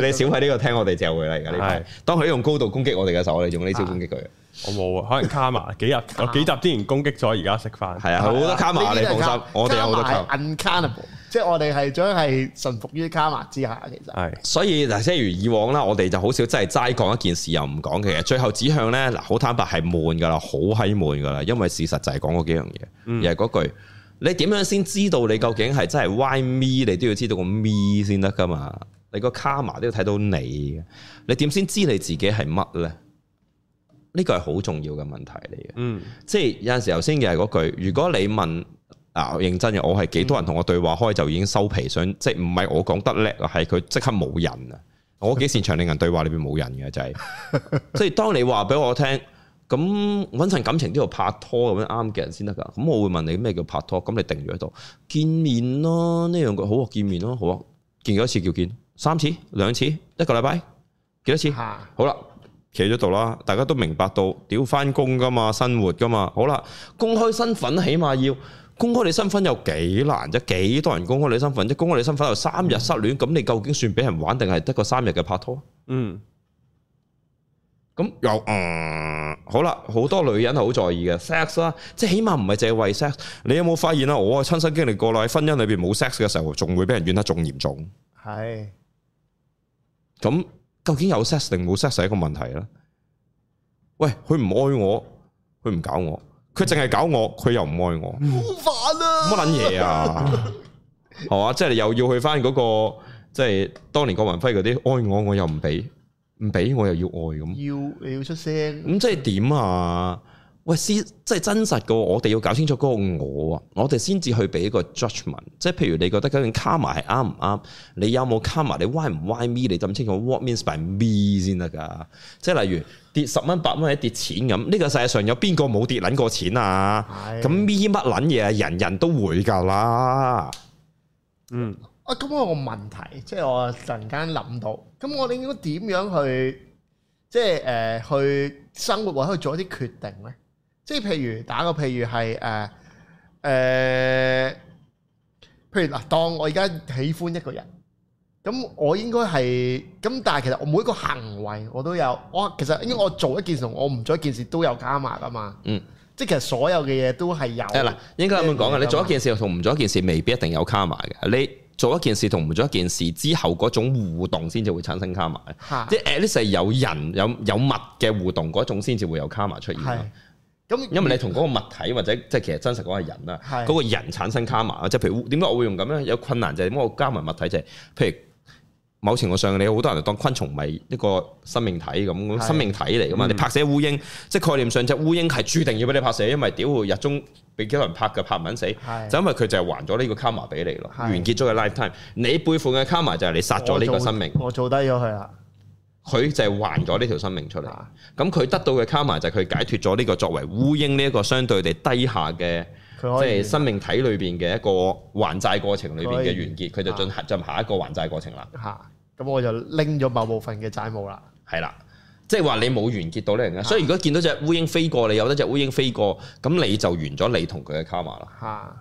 你少喺呢個廳，我哋嚼會你噶。是當佢用高度攻擊我哋嘅時候，我哋用呢招攻擊佢。我冇啊，可能卡瑪幾日有搞幾集之前攻擊咗，而家食飯係啊，好多卡瑪你放心，我哋有好多卡 is uncomfortable,。即係我哋係將係信服於卡瑪之下，其實係。所以嗱，即係如以往啦，我哋就好少真係齋講一件事又唔講，嘅。其實最後指向咧嗱，好坦白係悶噶啦，好閪悶噶啦，因為事實就係講嗰幾樣嘢，又係嗰句。你點樣先知道你究竟係真係 why me？你都要知道個 me 先得噶嘛？你個卡 a 都要睇到你嘅。你點先知你自己係乜呢？呢個係好重要嘅問題嚟嘅。嗯，即係有陣時候先嘅係嗰句。如果你問啊，認真嘅，我係幾多人同我對話開就已經收皮，想即係唔係我講得叻啊？係佢即刻冇人啊！我幾擅長令人對話裏邊冇人嘅就係、是。即係 <laughs> 當你話俾我聽。咁揾份感情都要拍拖咁啱嘅人先得噶。咁我會問你咩叫拍拖？咁你定咗喺度見面咯，呢樣嘅好啊，見面咯，好啊，見幾多次叫見三次、兩次、一個禮拜幾多次？好啦，啊，企咗度啦，大家都明白到屌返工噶嘛，生活噶嘛。好啦，啊，公開身份起碼要公開你身份有幾難啫？幾多人公開你身份？即公開你身份有三日失戀，咁、嗯、你究竟算俾人玩定係得個三日嘅拍拖？嗯。咁又嗯，好啦，好多女人係好在意嘅 sex 啦，即係起碼唔係淨係為 sex。你有冇發現啦？我親身經歷過啦，喺婚姻裏邊冇 sex 嘅時候，仲會俾人怨得仲嚴重。係是，咁究竟有 sex 定冇 sex 係一個問題啦。喂，佢唔愛我，佢唔搞我，佢淨係搞我，佢又唔愛我，好煩、嗯、啊！乜捻嘢啊？係嘛？ <laughs> 即係你又要去翻嗰、那個，即係當年郭雲輝嗰啲愛我，我又唔俾。唔俾我，我又要愛咁，要你要出聲咁，嗯、即係點啊？喂，先即係真實嘅，我哋要搞清楚嗰個我啊，我哋先至去俾一個 judgment。即係譬如你覺得究竟卡埋係啱唔啱？你有冇卡埋？你 why 唔 why me？你諗清楚 what means by me 先得噶。即係例如跌十蚊八蚊一跌錢咁，呢、呢個世界上有邊個冇跌撚過錢啊？咁 me 乜撚嘢？人人都會噶啦。嗯。啊咁我個問題，即係我突然間諗到，咁我哋應該點樣去，即係誒、呃、去生活或者去做一啲決定呢？即係譬如打個譬如係誒誒，譬如嗱，當我而家喜歡一個人，咁我應該係咁，但係其實我每一個行為我都有，我其實因為我做一件事同我唔做一件事都有加碼㗎嘛，嗯，即係其實所有嘅嘢都係有。嗱、嗯，應該咁樣講嘅，是是你做一件事同唔做一件事未必一定有加碼嘅，你做一件事同唔做一件事之後嗰種互動先至會產生卡瑪，哈即係 at least 有人有有物嘅互動嗰種先至會有卡瑪出現咁、嗯、因為你同嗰個物體或者即係其實真實講係人啦，嗰是個人產生卡瑪，即係譬如點解我會用咁樣？有困難就係咁，我加埋物體就係、是、譬如。某程度上，你好多人當昆蟲唔係一個生命體咁，生命體嚟噶嘛？你拍死烏蠅，嗯、即係概念上隻烏蠅係注定要俾你拍死，因為屌會日中俾幾多人拍嘅拍唔撚死，是的 就因為佢就係還咗呢個 Karma 俾你咯，是的 完結咗個 lifetime。你背負嘅 Karma 就係你殺咗呢個生命，我做低咗佢啦。佢就係還咗呢條生命出嚟，咁佢得到嘅 Karma 就係佢解脱咗呢個作為烏蠅呢一個相對地低下嘅。可以即係生命體裏邊嘅一個還債過程裏邊嘅完結，佢就進行，進下一個還債過程啦。嚇！咁我就拎咗某部分嘅債務啦。係啦，即係話你冇完結到呢樣嘢。的所以如果見到隻烏蠅飛過，你有得隻烏蠅飛過，咁你就完咗你同佢嘅卡瑪啦。嚇！啊、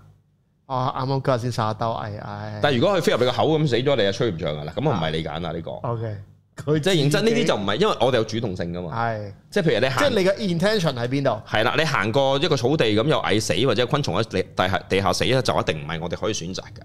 我啱啱今日先撒豆，哎哎！但係如果佢飛入你個口咁死咗，你就吹唔上㗎啦，咁啊唔係你揀啦呢個。OK。佢即係認真，呢啲就唔係，因為我哋有主動性噶嘛。係，即係譬如你行，即係你嘅 intention 喺邊度？係啦，你行過一個草地咁又矮死，或者昆蟲喺地地下地下死咧，就一定唔係我哋可以選擇嘅。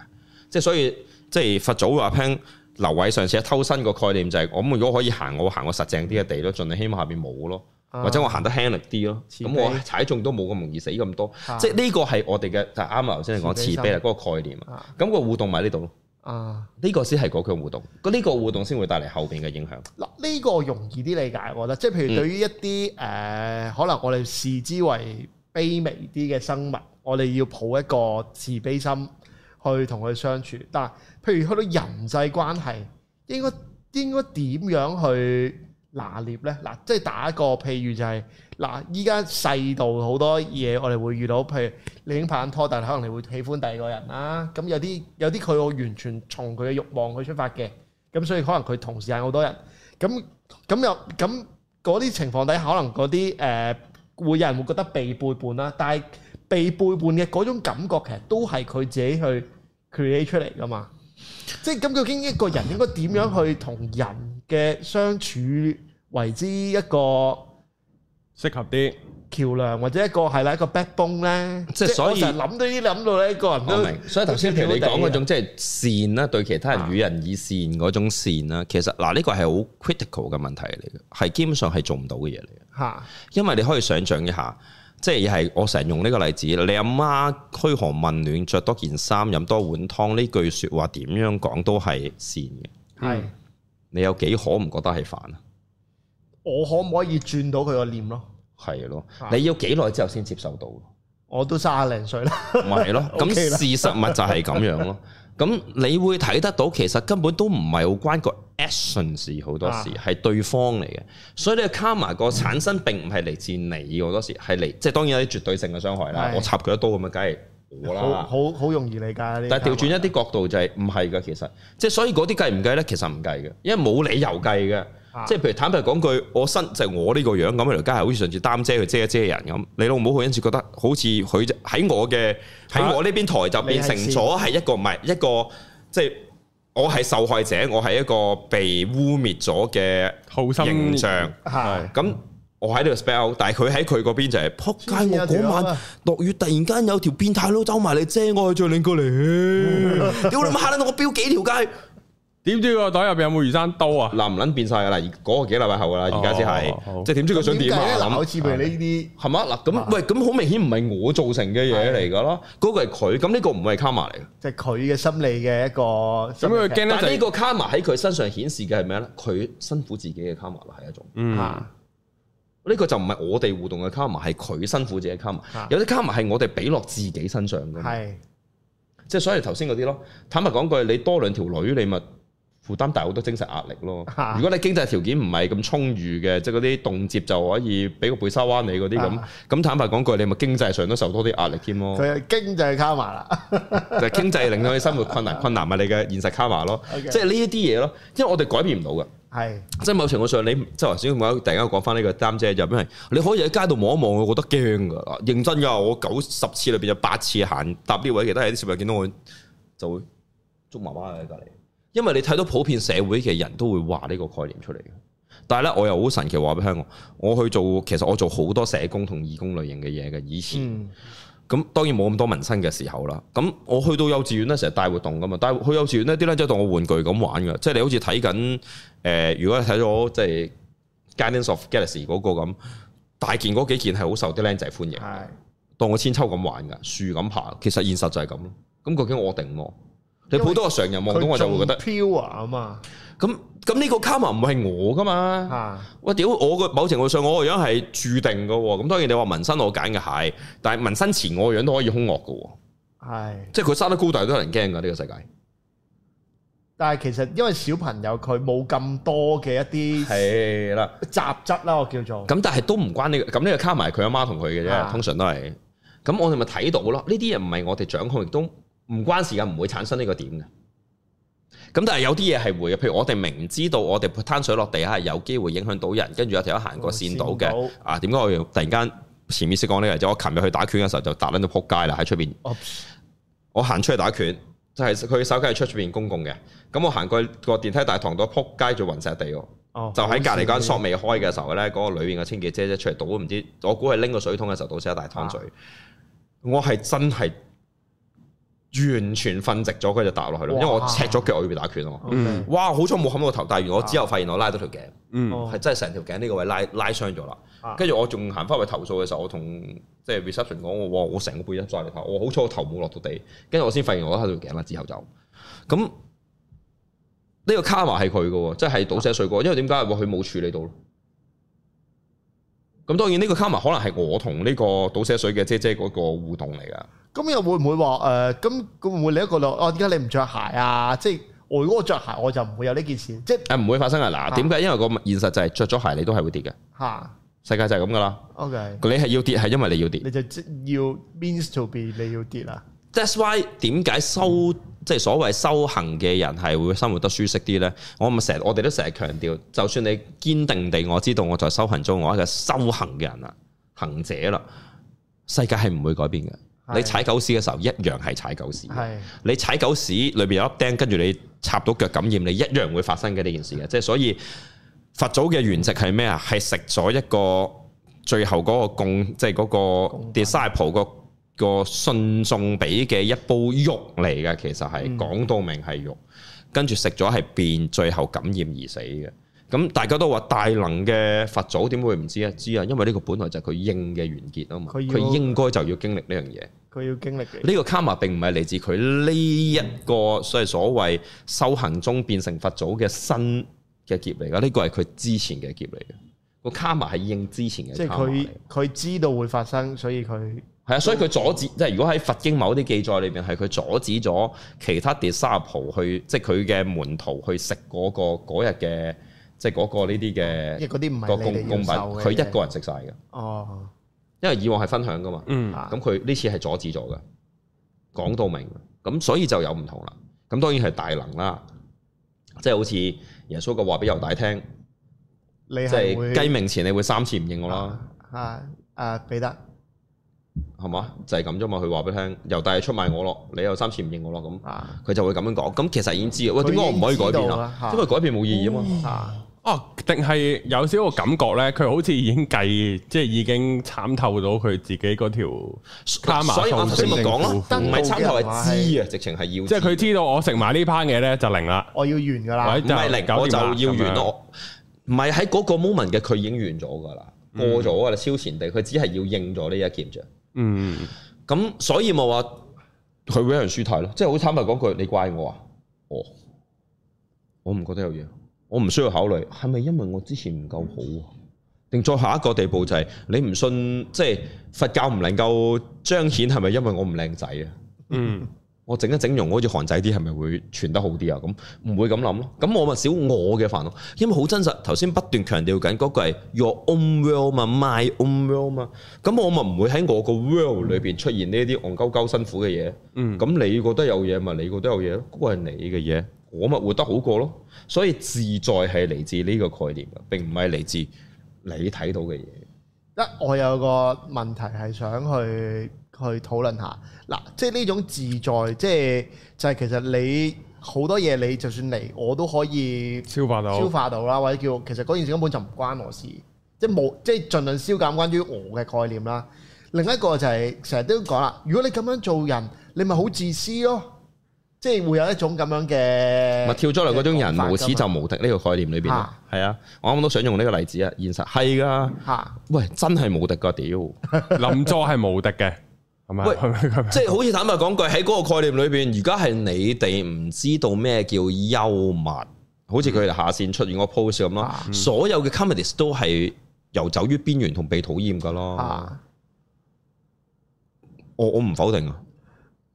即係所以，即係佛祖話聽，劉偉上次偷生個概念就係、是，我如果可以行，我行個實淨啲嘅地咯，盡量希望下邊冇咯，或者我行得輕力啲咯，咁我踩中都冇咁容易死咁多。即係呢個係我哋嘅就啱啊！頭先講慈悲嗰個，那個概念啊，咁、那個互動咪喺呢度咯。啊！呢個先係嗰個互動，嗰、這、呢個互動先會帶嚟後邊嘅影響。嗱，呢個容易啲理解，我覺得，即係譬如對於一啲誒、嗯呃，可能我哋視之為卑微啲嘅生物，我哋要抱一個慈悲心去同佢相處。但係，譬如去到人際關係，應該應該點樣去拿捏呢？嗱，即係打一個譬如就係、是。嗱，依家世道好多嘢，我哋會遇到，譬如你已經拍緊拖，但可能你會喜歡第二個人啦。咁有啲有啲佢會完全從佢嘅欲望去出發嘅，咁所以可能佢同時有好多人，咁咁又咁嗰啲情況底下，可能嗰啲誒會有人會覺得被背叛啦。但係被背叛嘅嗰種感覺，其實都係佢自己去 create 出嚟㗎嘛。 <laughs> 即係咁究竟一個人應該點樣去同人嘅相處，為之一個？適合啲橋梁或者一個係啦一,一個 backbone 咧，即係所以諗到依諗到咧，個人都明。所以頭先譬如你講嗰種即係善啦，對其他人與人以善嗰種善啦，的其實嗱呢、這個係好 critical 嘅問題嚟嘅，係基本上係做唔到嘅嘢嚟嘅。吓的，因為你可以想象一下，即係亦係我成日用呢個例子，你阿媽噓寒問暖，着多件衫，飲多碗湯，呢句話說話點樣講都係善嘅。係的，的你有幾可唔覺得係煩啊？我可唔可以轉到佢個念咯？係咯，你要幾耐之後先接受到？我都卅零歲啦。唔係咯，咁 <laughs> okay 事實咪就係咁樣咯。咁 <laughs> 你會睇得到，其實根本都唔係好關個 actions 事，好多時係的對方嚟嘅。所以你 karma 個產生並唔係嚟自你好多時係嚟，即係當然有啲絕對性嘅傷害啦。的我插佢一刀咁啊，梗係我啦。好好好容易理解，但係調轉一啲角度就係唔係嘅，其實即係所以嗰啲計唔計咧？其實唔計嘅，因為冇理由計嘅。即係譬如坦白講句，我身就係、是、我呢個樣咁，條街係好似上次擔遮去遮一遮，遮人咁。你老母好似覺得好似佢喺我嘅喺、啊、我呢邊台就變成咗係一個唔係一個即係我係受害者，我係一個被污蔑咗嘅形象係。咁我喺度 spell，但係佢喺佢嗰邊就係撲街。我嗰晚落雨突然間有條變態佬走埋嚟遮我去，再拎過嚟，屌你媽！吓到我飆幾條街。點知個袋入邊有冇魚生刀啊？嗱，唔捻變晒噶啦，嗰個幾禮拜後噶啦，而家先係，即係點知佢想點啊？好似咪呢啲係嘛？嗱，咁喂，咁好明顯唔係我造成嘅嘢嚟噶咯，嗰個係佢，咁呢個唔會係卡瑪嚟嘅，即係佢嘅心理嘅一個。咁佢驚咧？但呢個卡瑪喺佢身上顯示嘅係咩咧？佢辛苦自己嘅卡瑪啦，係一種。嗯。呢個就唔係我哋互動嘅卡瑪，係佢辛苦自己嘅卡瑪。有啲卡瑪係我哋俾落自己身上嘅。係。即係所以頭先嗰啲咯，坦白講句，你多兩條女，你咪。負擔大好多精神壓力咯。如果你經濟條件唔係咁充裕嘅，啊、即係嗰啲動接就可以俾個貝沙灣你嗰啲咁。咁、啊、坦白講句，你咪經濟上都受多啲壓力添咯。佢係經濟卡埋啦， <laughs> 就經濟令到你生活困難 <laughs> 困難咪你嘅現實卡埋咯。Okay. 即係呢一啲嘢咯，因為我哋改變唔到嘅。係是，即係某程度上你即係頭先我突然間講翻呢個擔遮入面因為你可以喺街度望一望，我覺得驚㗎。認真㗎，我九十次裏邊有八次行搭呢位，其他有啲小朋友見到我，就會，捉到我就會捉媽媽喺隔籬。因為你睇到普遍社會嘅人都會話呢個概念出嚟嘅，但係咧我又好神奇話俾香港。我，去做其實我做好多社工同義工類型嘅嘢嘅以前，咁、嗯、當然冇咁多民生嘅時候啦。咁我去到幼稚園咧，成日帶活動噶嘛，帶去幼稚園呢啲僆仔當我玩具咁玩㗎，即係你好似睇緊誒，如果睇咗、呃、即係《Guardians of Galaxy》嗰個咁大件，嗰幾件係好受啲僆仔歡迎，當我千秋咁玩㗎，樹咁爬。其實現實就係咁咯，咁究竟我定咯？有好多個常人望到我就會覺得啊嘛，咁咁呢個卡瑪唔係我噶嘛，我屌我個某程度上我個樣係注定噶，咁當然你話紋身我揀嘅鞋，但係紋身前我個樣都可以兇惡噶，係的即係佢生得高大都有人驚噶呢個世界。但係其實因為小朋友佢冇咁多嘅一啲係啦雜質啦、啊，我叫做咁，但係都唔關呢個咁呢個卡瑪佢阿媽同佢嘅啫，的通常都係。咁我哋咪睇到咯，呢啲嘢唔係我哋掌控，亦都。唔關事㗎，唔會產生呢個點嘅。咁但係有啲嘢係會嘅，譬如我哋明知道我哋攤水落地下係有機會影響到人，跟住有條友行過跣到嘅。道啊，點解我突然間前面識講呢個？就我琴日去打拳嘅時，時候，就踏撚到撲街啦，喺出邊。我行出去打拳，就係、是、佢手機係出出邊公共嘅。咁我行過去個電梯大堂度撲街，做雲石地喎。哦、就喺隔離間鎖未開嘅時候咧，嗰、那個裏面嘅清潔姐姐出嚟倒，唔知我估係拎個水桶嘅時候倒瀉一大灘水。啊、我係真係。完全瞓直咗，佢就踏落去咯。哇因為我赤咗腳，我要被打拳啊嘛。嗯、哇！好彩冇冚到頭，但係我之後發現我拉咗、啊、條頸，係真係成條頸呢個位拉拉傷咗啦。跟住、啊、我仲行翻去投訴嘅時候，我同即係 reception 講：啊「我：，我成個背脊再嚟怕，我好彩我頭冇落到地。跟住我先發現我拉條頸啦，之後就咁。呢、呢個卡瑪係佢嘅，即係倒瀉水過，啊、因為點解？佢冇處理到咯。咁當然呢個卡瑪可能係我同呢個倒瀉水嘅姐姐嗰個互動嚟㗎。咁又會唔會話誒，咁會唔會你一個咯？哦、啊，點解你唔着鞋啊？即係我如果我着鞋，我就唔會有呢件事。即係唔會發生啊。嗱。點解？因為個現實就係着咗鞋，你都係會跌嘅。嚇、啊！世界就係咁噶啦。OK，你係要跌，係因為你要跌。你就即要 means to be 你要跌啊。That's why 點解修即係所謂修行嘅人係會生活得舒適啲咧？我咪成日，我哋都成日強調，就算你堅定地我知道我在修行中，我係個修行嘅人啦，行者啦，世界係唔會改變嘅。你踩狗屎嘅時候一樣係踩，的踩狗屎，你踩狗屎裏邊有粒釘，跟住你插到腳感染，你一樣會發生嘅呢件事嘅。即係所以佛祖嘅圓寂係咩啊？係食咗一個最後嗰個共即係嗰個 disciple 個信眾俾嘅一煲肉嚟嘅，產其實係講到明係肉，跟住食咗係變最後感染而死嘅。咁大家都話大能嘅佛祖點會唔知啊？知啊，因為呢個本來就係佢應嘅完結啊嘛。佢要應該就要經歷呢樣嘢。佢要經歷。呢個卡瑪並唔係嚟自佢呢一個所謂修行中變成佛祖嘅新嘅劫嚟噶。呢個係佢之前嘅劫嚟嘅。個卡瑪係應之前嘅劫嚟。佢佢知道會發生，所以佢係啊。所以佢阻止，阻止對 即係如果喺佛經某啲記載裏邊係佢阻止咗其他 disciples 去即係佢嘅門徒去食嗰個嗰日嘅。即係嗰個呢啲嘅啲唔係個供供品，佢共一個人食晒嘅。哦，因為以往係分享噶嘛，咁佢呢次係阻止咗嘅，講到明，咁所以就有唔同啦。咁當然係大能啦，即、就、係、是、好似耶穌嘅話俾猶大聽，即係雞鳴前，你會三次唔認我咯、啊。啊啊，彼得，係、就是、嘛？就係咁啫嘛。佢話俾聽，猶大係出賣我咯，你又三次唔認我咯，咁、嗯、佢、啊、就會咁樣講。咁其實已經知嘅。喂、欸，點解我唔可以改變？因為改變冇意義啊嘛。啊啊啊啊哦，定係有少個感覺咧？佢好似已經計，即係已經參透到佢自己嗰條卡瑪數。所以頭先咪講咯，唔係參透係知啊，直情係要。即係佢知道我食埋呢班嘢咧，就零啦。我要完噶啦，唔係零,零，我就要完咯。唔係喺嗰個 moment 嘅，佢已經完咗噶啦，過咗噶啦，超前地，佢只係要應咗呢一件啫。嗯，咁所以冇話佢俾人舒泰咯，即係好坦白講句，你怪我啊？哦、oh,，我唔覺得有嘢。我唔需要考慮，係咪因為我之前唔夠好？定再下一個地步就係你唔信，即係佛教唔能夠彰顯，係咪因為我唔靚仔啊？嗯，我整一整容好似韓仔啲，係咪會傳得好啲啊？咁唔會咁諗咯。咁我咪少我嘅煩惱咯。因為好真實，頭先不斷強調緊嗰句係 your own world, my own world 嘛。咁我咪唔會喺我個 world 裏邊出現呢一啲戇鳩鳩辛苦嘅嘢。嗯。咁你覺得有嘢咪你覺得有嘢咯？嗰、嗰個係你嘅嘢。我咪活得好過咯，所以自在係嚟自呢個概念嘅，並唔係嚟自你睇到嘅嘢。一我有一個問題係想去去討論下嗱，即係呢種自在，即係就係、是，其實你好多嘢你就算嚟，我都可以消化到，消化到啦，或者叫其實嗰件事根本就唔關我事，即係冇，即係盡量消減關於我嘅概念啦。另一個就係成日都講啦，如果你咁樣做人，你咪好自私咯。即係會有一種咁樣嘅，跳咗嚟嗰種人無恥就無敵呢個概念裏邊咯，啊哈，我啱啱都想用呢個例子啊，現實係噶，哈喂，真係無敵噶屌，林作係無敵嘅，係咪？ <laughs> 即係喂 <laughs> 好似坦白講句，喺嗰個概念裏邊，如果係你哋唔知道咩叫幽默，好似佢哋下線出現個 p o s e 咁咯，所有嘅 comedies 都係遊走於邊緣同被討厭噶咯、嗯，我我唔否定啊。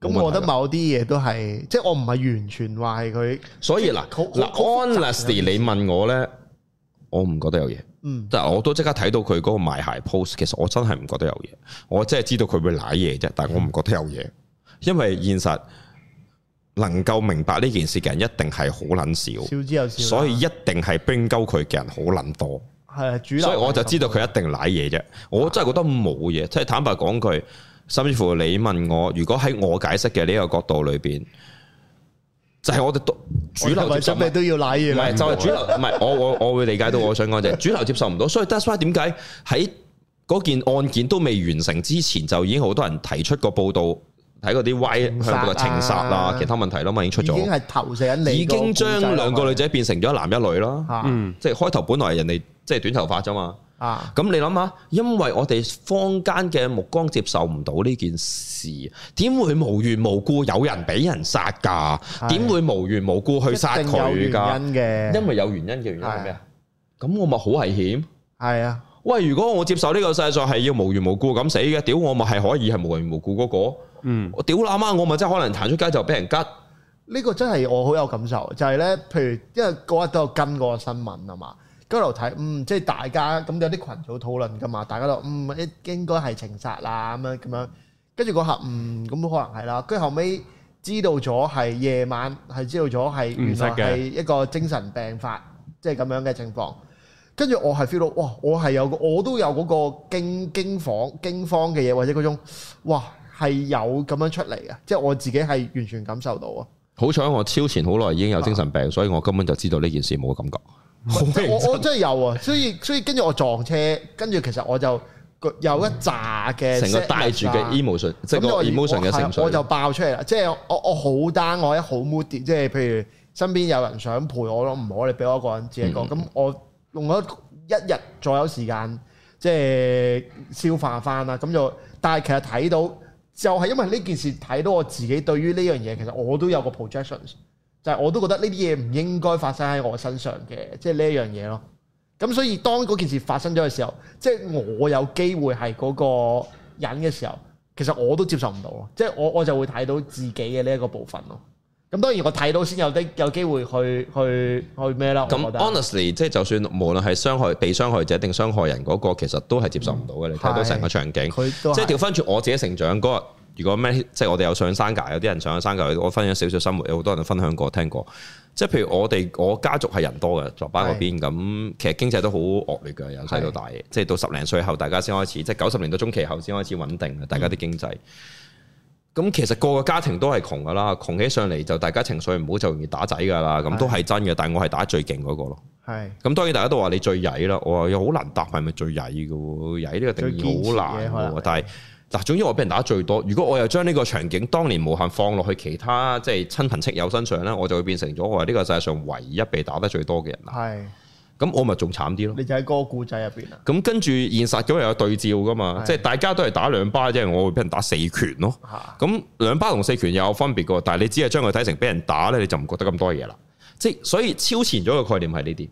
我覺得某啲嘢都係，即係我唔係完全話係佢。所以嗱，嗱，honesty，你問我咧，我唔覺得有嘢。嗯，但係我都即刻睇到佢嗰個賣鞋 post，其實我真係唔覺得有嘢。我真係知道佢會舐嘢啫，但係我唔覺得有嘢，因為現實能夠明白呢件事嘅人一定係好撚少，少之又少。所以一定係冰鳩佢嘅人好撚多。係啊，所以我就知道佢一定舐嘢啫。我真係覺得冇嘢，即係坦白講佢。甚至乎你問我，如果喺我解釋嘅呢個角度裏邊，就係、是、我哋都主流接受準備都要拉嘢唔係，就係、是、主流，唔係 <laughs> 我我我會理解到，我想講就係主流接受唔到，所以 that's why 點解喺嗰件案件都未完成之前，就已經好多人提出個報道，睇嗰啲歪向度情殺啊，殺啊其他問題啦嘛，已經出咗，已經係投射喺你，已經將兩個女仔變成咗一男一女啦，啊嗯、即係開頭本來人哋。即係短頭髮咋嘛？啊！咁你諗下，因為我哋坊間嘅目光接受唔到呢件事，點會無緣無故有人俾人殺㗎？點的會無緣無故去殺佢㗎？因，因為有原因嘅原因係咩啊？咁的我咪好危險係啊！的喂，如果我接受呢個世界上係要無緣無故咁死嘅，屌我咪係可以係無緣無故嗰、那個？嗯，屌你阿媽，我咪真係可能彈出街就俾人吉？呢、嗯、個真係我好有感受，就係、是、呢。譬如因為嗰日都有跟嗰個新聞啊嘛。交流睇，嗯，即係大家咁、嗯、有啲群組討論噶嘛，大家都嗯，一應該係情殺啦，咁樣咁樣，跟住嗰刻嗯，咁可能係啦。跟住後尾知道咗係夜晚，係知道咗係，原來係一個精神病發，即係咁樣嘅情況。跟住我係 feel 到，哇！我係有個，我都有嗰個驚驚慌驚慌嘅嘢，或者嗰種，哇，係有咁樣出嚟嘅，即係我自己係完全感受到啊！好彩我超前好耐已經有精神病，嗯、所以我根本就知道呢件事冇感覺。我我真係有啊，所以所以跟住我撞車，跟住其實我就有一紮嘅成個帶住嘅 emotion，即係 emotion 嘅情緒，我就爆出嚟啦。即係我我好 down，我一好 mood 啲，即係譬如身邊有人想陪我咯，唔好，你俾我一個人自己過。咁、嗯、我用咗一日左右時間，即係消化翻啦。咁就，但係其實睇到，就係因為呢件事睇到我自己對於呢樣嘢，其實我都有個 projections。但係我都覺得呢啲嘢唔應該發生喺我身上嘅，即係呢一樣嘢咯。咁所以當嗰件事發生咗嘅時候，即係我有機會係嗰個人嘅時候，其實我都接受唔到咯。即係我我就會睇到自己嘅呢一個部分咯。咁當然我睇到先有啲有機會去去去咩咯。咁那 honestly，即係就算無論係傷害被傷害者定傷害人嗰個，其實都係接受唔到嘅。嗯、你睇到成個場景，即係調翻轉我自己成長嗰日。如果咩即係我哋有上山㗎，有啲人上山㗎。我分享少少生活，有好多人分享過、聽過。即係譬如我哋我家族係人多嘅，坐巴嗰邊咁，是的 其實經濟都好惡劣嘅，由細到大是的 即係到十零歲後，大家先開始，即係九十年代中期後先開始穩定。大家啲經濟，咁、嗯、其實個個家庭都係窮噶啦，窮起上嚟就大家情緒唔好，就容易打仔噶啦。咁都係真嘅，是的 但係我係打最勁嗰、嗰個咯。係咁，當然大家都話你最曳啦，我話又好難答係咪最曳噶喎？曳呢個定義好難，但係。嗱，總之我俾人打得最多。如果我又將呢個場景當年無限放落去其他即係親朋戚友身上咧，我就會變成咗我係呢個世界上唯一被打得最多嘅人啦。係是，咁我咪仲慘啲咯。你就喺個故仔入邊啊。咁跟住現實咁又有對照噶嘛，是即係大家都係打兩巴即係，我會俾人打四拳咯。咁是兩巴同四拳又有分別噶，但係你只係將佢睇成俾人打咧，你就唔覺得咁多嘢啦。即係所以超前咗個概念係呢啲。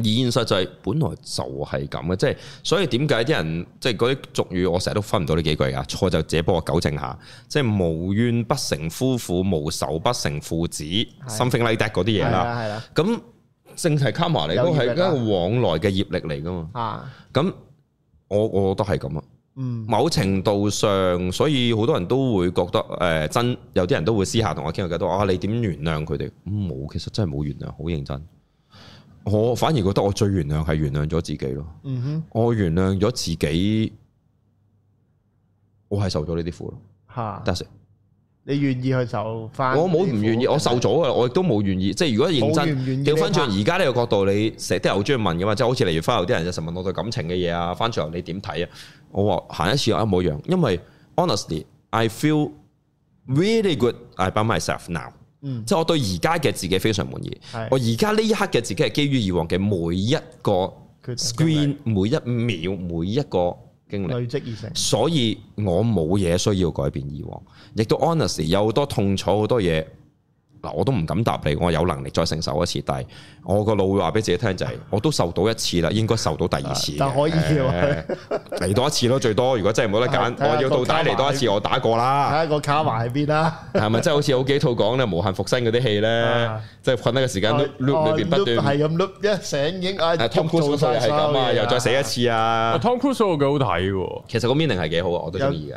現實就係，本來就係咁嘅，即係，所以點解啲人即係嗰啲俗語，我成日都分唔到呢幾句噶，錯就自己幫我糾正下，即係無怨不成夫婦，無仇不成父子的，something like that 嗰啲嘢啦。咁正係卡瑪嚟都係一個往來嘅業力嚟噶嘛。啊，咁我我覺得係咁啊。嗯，某程度上，所以好多人都會覺得，誒，真有啲人都會私下同我傾偈，都話你點原諒佢哋？冇，其實真係冇原諒，好認真。我反而覺得我最原諒係原諒咗自己咯。嗯哼，我原諒咗自己，我係受咗呢啲苦咯。嚇哈，得是你願意去受翻？我冇唔願意，我受咗啊！我亦都冇願意。即係如果認真掉翻轉而家呢個角度，你成日都係好中意問嘅嘛，即係好似例如番台啲人成日問我對感情嘅嘢啊，番台你點睇啊？我話行一次又一模一樣，因為 honestly I feel really good about myself now。嗯，即係我對而家嘅自己非常滿意。我而家呢一刻嘅自己係基於以往嘅每一個 screen、每一秒、每一個經歷，累積而成，所以我冇嘢需要改變以往，亦都 honestly 有好多痛楚好多嘢。嗱，我都唔敢答你，我有能力再承受一次，但係我個腦會話俾自己聽就係，我都受到一次啦，應該受到第二次。但可以嚟多一次咯，最多如果真係冇得揀，我要到底嚟多一次，我打過啦。睇下個卡埋喺邊啦。係咪即係好似好幾套講咧無限復生嗰啲戲咧，即係困喺個時間 loop 裏邊不斷係咁 loop，一成影啊 Tom Cruise 又係咁啊，又再死一次啊。Tom Cruise 好好睇喎，其實個 meaning 係幾好，我都中意嘅。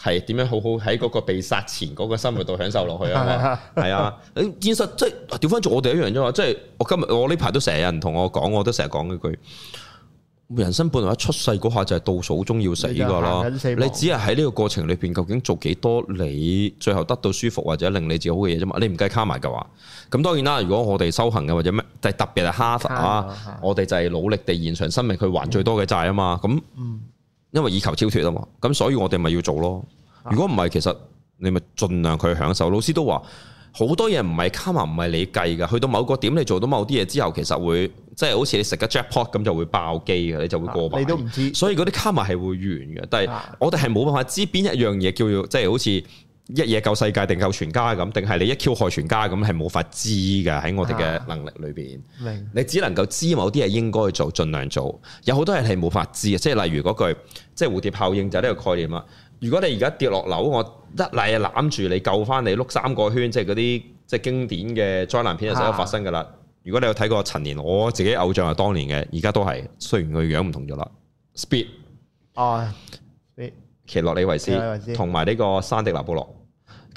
係點樣好好喺嗰個被殺前嗰個生活度享受落去啊？係啊！你現實即係調翻做我哋一樣啫嘛！即係我今日我呢排都成日有人同我講，我都成日講一句：人生本來一出世嗰下就係倒數中要死噶咯。你，你只係喺呢個過程裏邊，究竟做幾多你最後得到舒服或者令你自好嘅嘢，啫嘛？你唔計卡埋嘅話，咁當然啦、啊。如果我哋修行嘅或者咩，但係特別係哈佛，啊，我哋就係努力地延長生命去還最多嘅債啊嘛。咁、嗯嗯嗯因為以求超脫啊嘛，咁所以我哋咪要做咯。如果唔係，其實你咪盡量去享受。老師都話好多嘢唔係卡嘛，唔係你計噶。去到某個點，你做到某啲嘢之後，其實會即係好似你食個 Jackpot 咁就會爆機噶，你就會過埋、啊。你都唔知，所以嗰啲卡嘛係會完嘅，但係我哋係冇辦法知邊一樣嘢叫做即係好似。一夜救世界定救全家咁，定係你一 Q 害全家咁，係冇法知嘅喺我哋嘅能力裏邊。啊、你只能夠知某啲嘢應該做，儘量做。有好多人係冇法知嘅，即係例如嗰句，即係蝴蝶效應就呢個概念啦。如果你而家跌落樓，我一嚟就攬住你救翻你，碌三個圈，即係嗰啲即係經典嘅災難片就成日發生噶啦。啊、如果你有睇過陳年，我自己偶像係當年嘅，而家都係，雖然佢樣唔同咗啦。Speed 哦，Speed，奇洛里維斯同埋呢個山迪納布洛。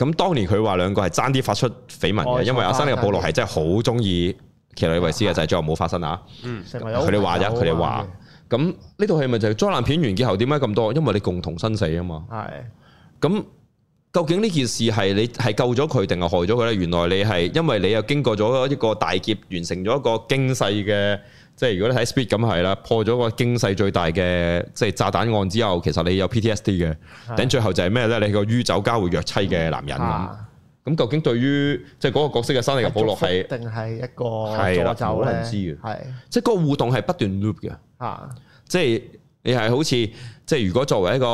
咁當年佢話兩個係爭啲發出緋聞嘅，哦、因為阿生呢個暴露係真係好中意奇女維斯嘅，的就係最後冇發生，嗯、啊。嗯，佢哋話啫，佢哋話，咁呢套戲咪就係災難片完結後點解咁多？因為你共同生死啊嘛。係的。咁究竟呢件事係你係救咗佢定係害咗佢咧？原來你係因為你又經過咗一個大劫，完成咗一個驚世嘅。即係如果你睇 Speed 咁係啦，破咗個經世最大嘅即係炸彈案之後，其實你有 PTSD 嘅。等的最後就係咩咧？你個酗酒交會虐妻嘅男人咁。咁的究竟對於即係嗰個角色嘅生理嘅保羅係定係一個佐助咧？係的，即係嗰個互動係不斷 loop 嘅。啊的，即係。你係好似即係如果作為一個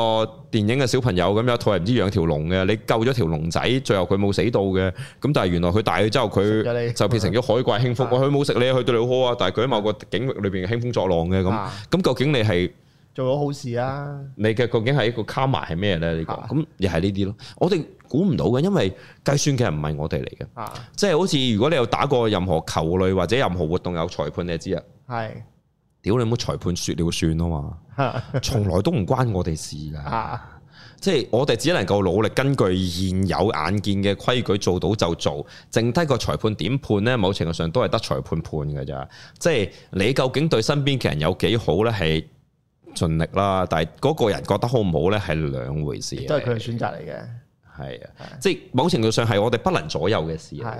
電影嘅小朋友咁樣，佢係唔知養條龍嘅，你救咗條龍仔，最後佢冇死到嘅，咁但係原來佢大咗之後佢就變成咗海怪興風，佢冇食你啊，佢對你好啊，但係佢喺某個境域裏邊興風作浪嘅咁，咁、嗯、究竟你係做咗好事啊？你嘅究竟係一個卡埋係咩呢？呢個咁又係呢啲咯，我哋估唔到嘅，因為計算嘅人唔係我哋嚟嘅，嗯嗯、即係好似如果你有打過任何球類或者任何活動有裁判一，你知啊，係是。屌，你冇裁判說了算啊嘛，從來都唔關我哋事噶。 <laughs> 即係我哋只能夠努力根據現有眼見嘅規矩做到就做，剩低個裁判點判呢？某程度上都係得裁判判㗎咋。即係你究竟對身邊嘅人有幾好呢？係盡力啦。但係嗰個人覺得好唔好呢？係兩回事，都係佢嘅選擇嚟嘅。係啊，即係某程度上係我哋不能左右嘅事。係。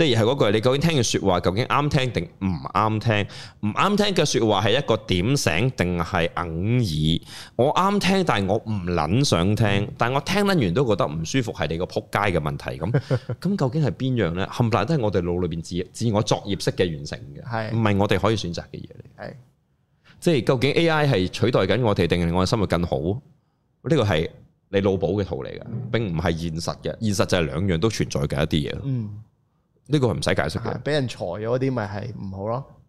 即係嗰句，你究竟聽嘅說話究竟啱聽定唔啱聽？唔啱聽嘅說話係一個點醒定係偶爾？我啱聽，但係我唔捻想聽，但係我聽得完都覺得唔舒服，係你個扑街嘅問題咁。咁究竟係邊樣呢？冚唪唥都係我哋腦裏邊自自我作業式嘅完成嘅，唔係我哋可以選擇嘅嘢嚟？即係究竟 A I 係取代緊我哋定令我嘅生活更好？呢個係你腦補嘅圖嚟噶，並唔係現實嘅。現實就係兩樣都存在嘅一啲嘢。嗯。呢個係唔使解釋嘅，啊，俾人裁咗嗰啲咪係唔好咯。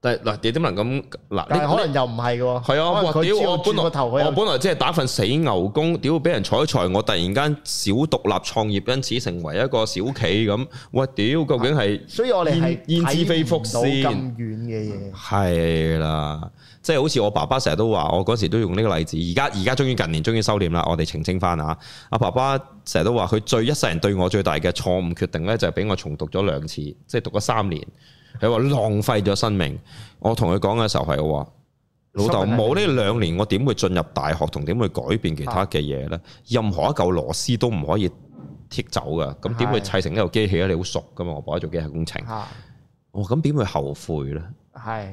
但嗱，點點能咁嗱？可能又唔係嘅喎。係啊你，我屌我本來我本來即係打份死牛工，屌俾人採財，我突然間小獨立創業，因此成為一個小企咁。我、哎、屌，究竟係、啊？所以我哋係焉知非福先咁遠嘅嘢。係啦，即係好似我爸爸成日都話，我嗰時都用呢個例子。而家而家終於近年終於收斂啦，我哋澄清翻啊！阿爸爸成日都話，佢最一世人對我最大嘅錯誤決定咧，就係俾我重讀咗兩次，即係讀咗三年。佢話浪費咗生命，我同佢講嘅時候係話：老豆冇呢兩年，我點會進入大學同點會改變其他嘅嘢呢？任何一嚿螺絲都唔可以剔走噶，咁點會砌成呢個機器呀？你好熟噶嘛，我爸做機械工程，我咁點會後悔呢？係。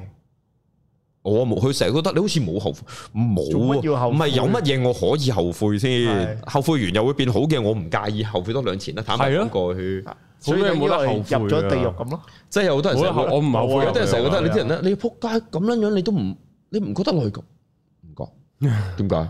我冇，佢成日覺得你好似冇後悔冇啊？唔係有乜嘢我可以後悔先？後悔完又會變好嘅，我唔介意後悔多兩錢啦，坦白咁過去，所以你冇得後悔啊。入咗地獄咁咯，即係有好多人成日我唔後悔，即係成日覺得你啲人咧，你仆街咁樣樣，你都唔你唔覺得內疚？唔覺點解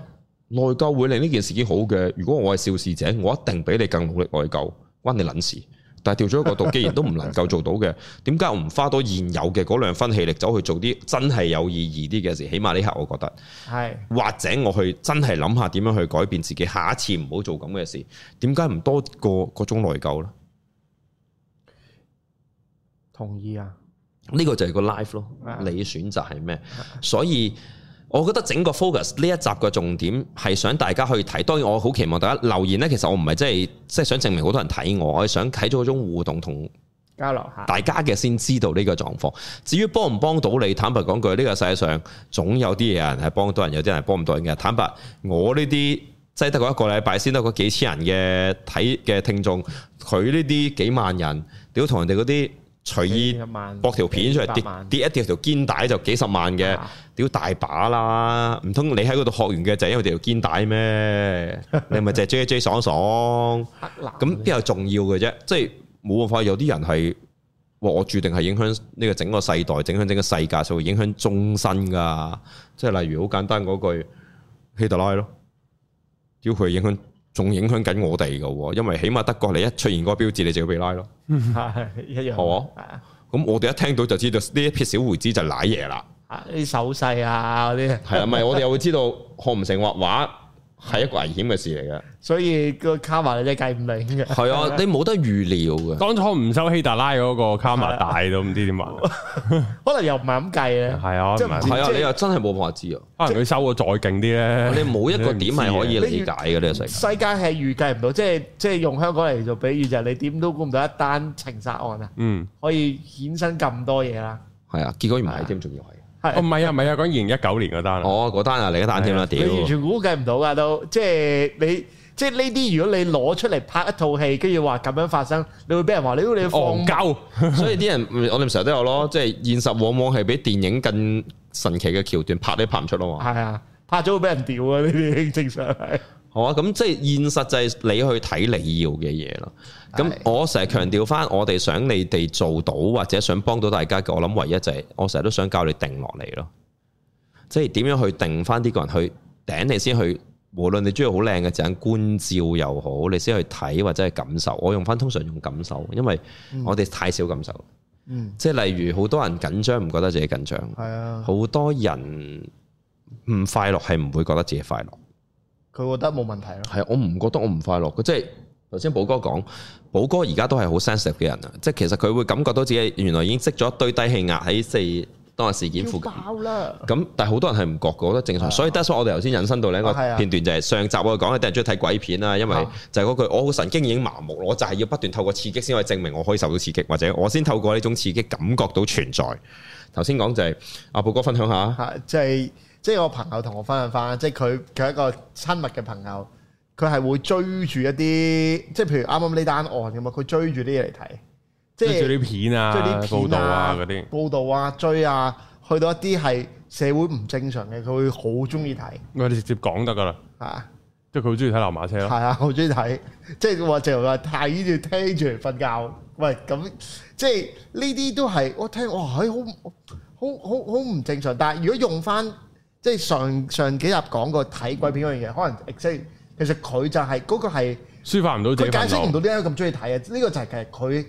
內疚會令呢件事件好嘅？如果我係肇事者，我一定比你更努力內疚，關你撚事。但係掉咗嗰度，既然都唔能夠做到嘅，點解我唔花多現有嘅嗰兩分氣力走去做啲真係有意義啲嘅事？起碼呢刻我覺得係，是或者我去真係諗下點樣去改變自己，下一次唔好做咁嘅事。點解唔多過嗰種內疚呢？同意啊！呢個就係個 life 咯，啊、你選擇係咩？啊、所以。.我覺得整個 focus 呢一集嘅重點係想大家去睇，當然我好期望大家留言呢。其實我唔係真係即係想證明好多人睇我，我係想睇咗嗰種互動同交流下大家嘅先知道呢個狀況。至於幫唔幫到你，坦白講句，呢個世界上總有啲嘢人係幫到人，有啲人係幫唔到人嘅。坦白，我呢啲即係得個一個禮拜先得個幾千人嘅睇嘅聽眾，佢呢啲幾萬人，屌同人哋嗰啲。隨意博條片出嚟跌跌一跌一條肩帶就幾十萬嘅，屌、啊、大把啦！唔通你喺嗰度學完嘅就係因為條肩帶咩？ <laughs> 你咪就係 J J 爽爽，爽。咁邊黑蘭 有重要嘅啫？嗯、即係冇辦法有啲人係，我注定係影響呢個整個世代，影響整個世界，就影響終身㗎。即係例如好簡單嗰句希特拉 l 咯，屌佢影響。仲影響緊我哋㗎喎，因為起碼德國你一出現個標誌，你就要被拉咯，係 <laughs> 一樣，係嘛吧？咁 <laughs> 我哋一聽到就知道呢一撇小鬍子就瀨嘢啦，啲、啊、手勢啊嗰啲，係 <laughs> 啊，唔係 <laughs> 我哋又會知道學唔成畫畫。係一個危險嘅事嚟噶，所以個卡瑪你真係計唔明嘅。係啊，你冇得預料嘅。當初唔收希特拉嗰個卡瑪大到唔知點話，可能又唔係咁計咧。係啊，即係係啊，你又真係冇辦法知啊。可能佢收個再勁啲咧。你冇一個點係可以理解嘅呢個世界，世界係預計唔到，即係即係用香港嚟做比喻就係，你點都估唔到一單情殺案啊，嗯，可以衍生咁多嘢啦。係啊，結果唔係添，仲要唔係、哦、啊，唔係啊，講二零一九年嗰單哦，嗰單啊，另一單添、啊、啦，啊、屌！你完全估計唔到噶都，即係你即係呢啲，如果你攞出嚟拍一套戲，跟住話咁樣發生，你會俾人話你，你放狗。暗糕 <laughs> 所以啲人我哋成日都有咯，即係現實往往係比電影更神奇嘅橋段，拍都拍唔出咯嘛。係啊，拍咗會俾人屌啊，呢啲正常係。哦，咁即係現實就係你去睇你要嘅嘢咯。咁我成日強調翻，我哋想你哋做到或者想幫到大家嘅，我諗唯一就係我成日都想教你定落嚟咯。即係點樣去定翻啲個人去頂你去，先去無論你中意好靚嘅景、觀照又好，你先去睇或者係感受。我用翻通常用感受，因為我哋太少感受。即係、嗯、例如好多人緊張唔覺得自己緊張，係啊、嗯，好多人唔快樂係唔會覺得自己快樂。佢覺得冇問題咯，係我唔覺得我唔快樂，佢即係頭先寶哥講，寶哥而家都係好 sensitive 嘅人啊，即係其實佢會感覺到自己原來已經積咗一堆低氣壓喺四當日事件附近爆啦。咁但係好多人係唔覺，覺得正常，哎、呀所以得所以我哋頭先引申到呢一個片段就係、是、上集我講嘅，啲人中意睇鬼片啦，因為就係嗰句我好神經已經麻木，我就係要不斷透過刺激先可以證明我可以受到刺激，或者我先透過呢種刺激感覺到存在。頭先講就係、是、阿寶哥分享下，即係、啊。就是即係我朋友同我分享翻，即係佢佢一個親密嘅朋友，佢係會追住一啲，即係譬如啱啱呢單案咁啊，佢追住啲嘢嚟睇，追住啲片啊、報道啊嗰啲報道啊追啊，去到一啲係社會唔正常嘅，佢會好中意睇。我哋、嗯、直接講得噶啦，嚇！即係佢好中意睇流馬車咯，係啊，好中意睇，即係或者話睇住聽住嚟瞓覺。喂，咁即係呢啲都係我聽哇，係、哎、好好好好唔正常。但係如果用翻。即係上上幾集講過睇鬼片嗰樣嘢，可能即係其實佢就係、是、嗰、那個係抒發唔到自己憤怒，佢解釋唔到點解咁中意睇啊！呢個就係其實佢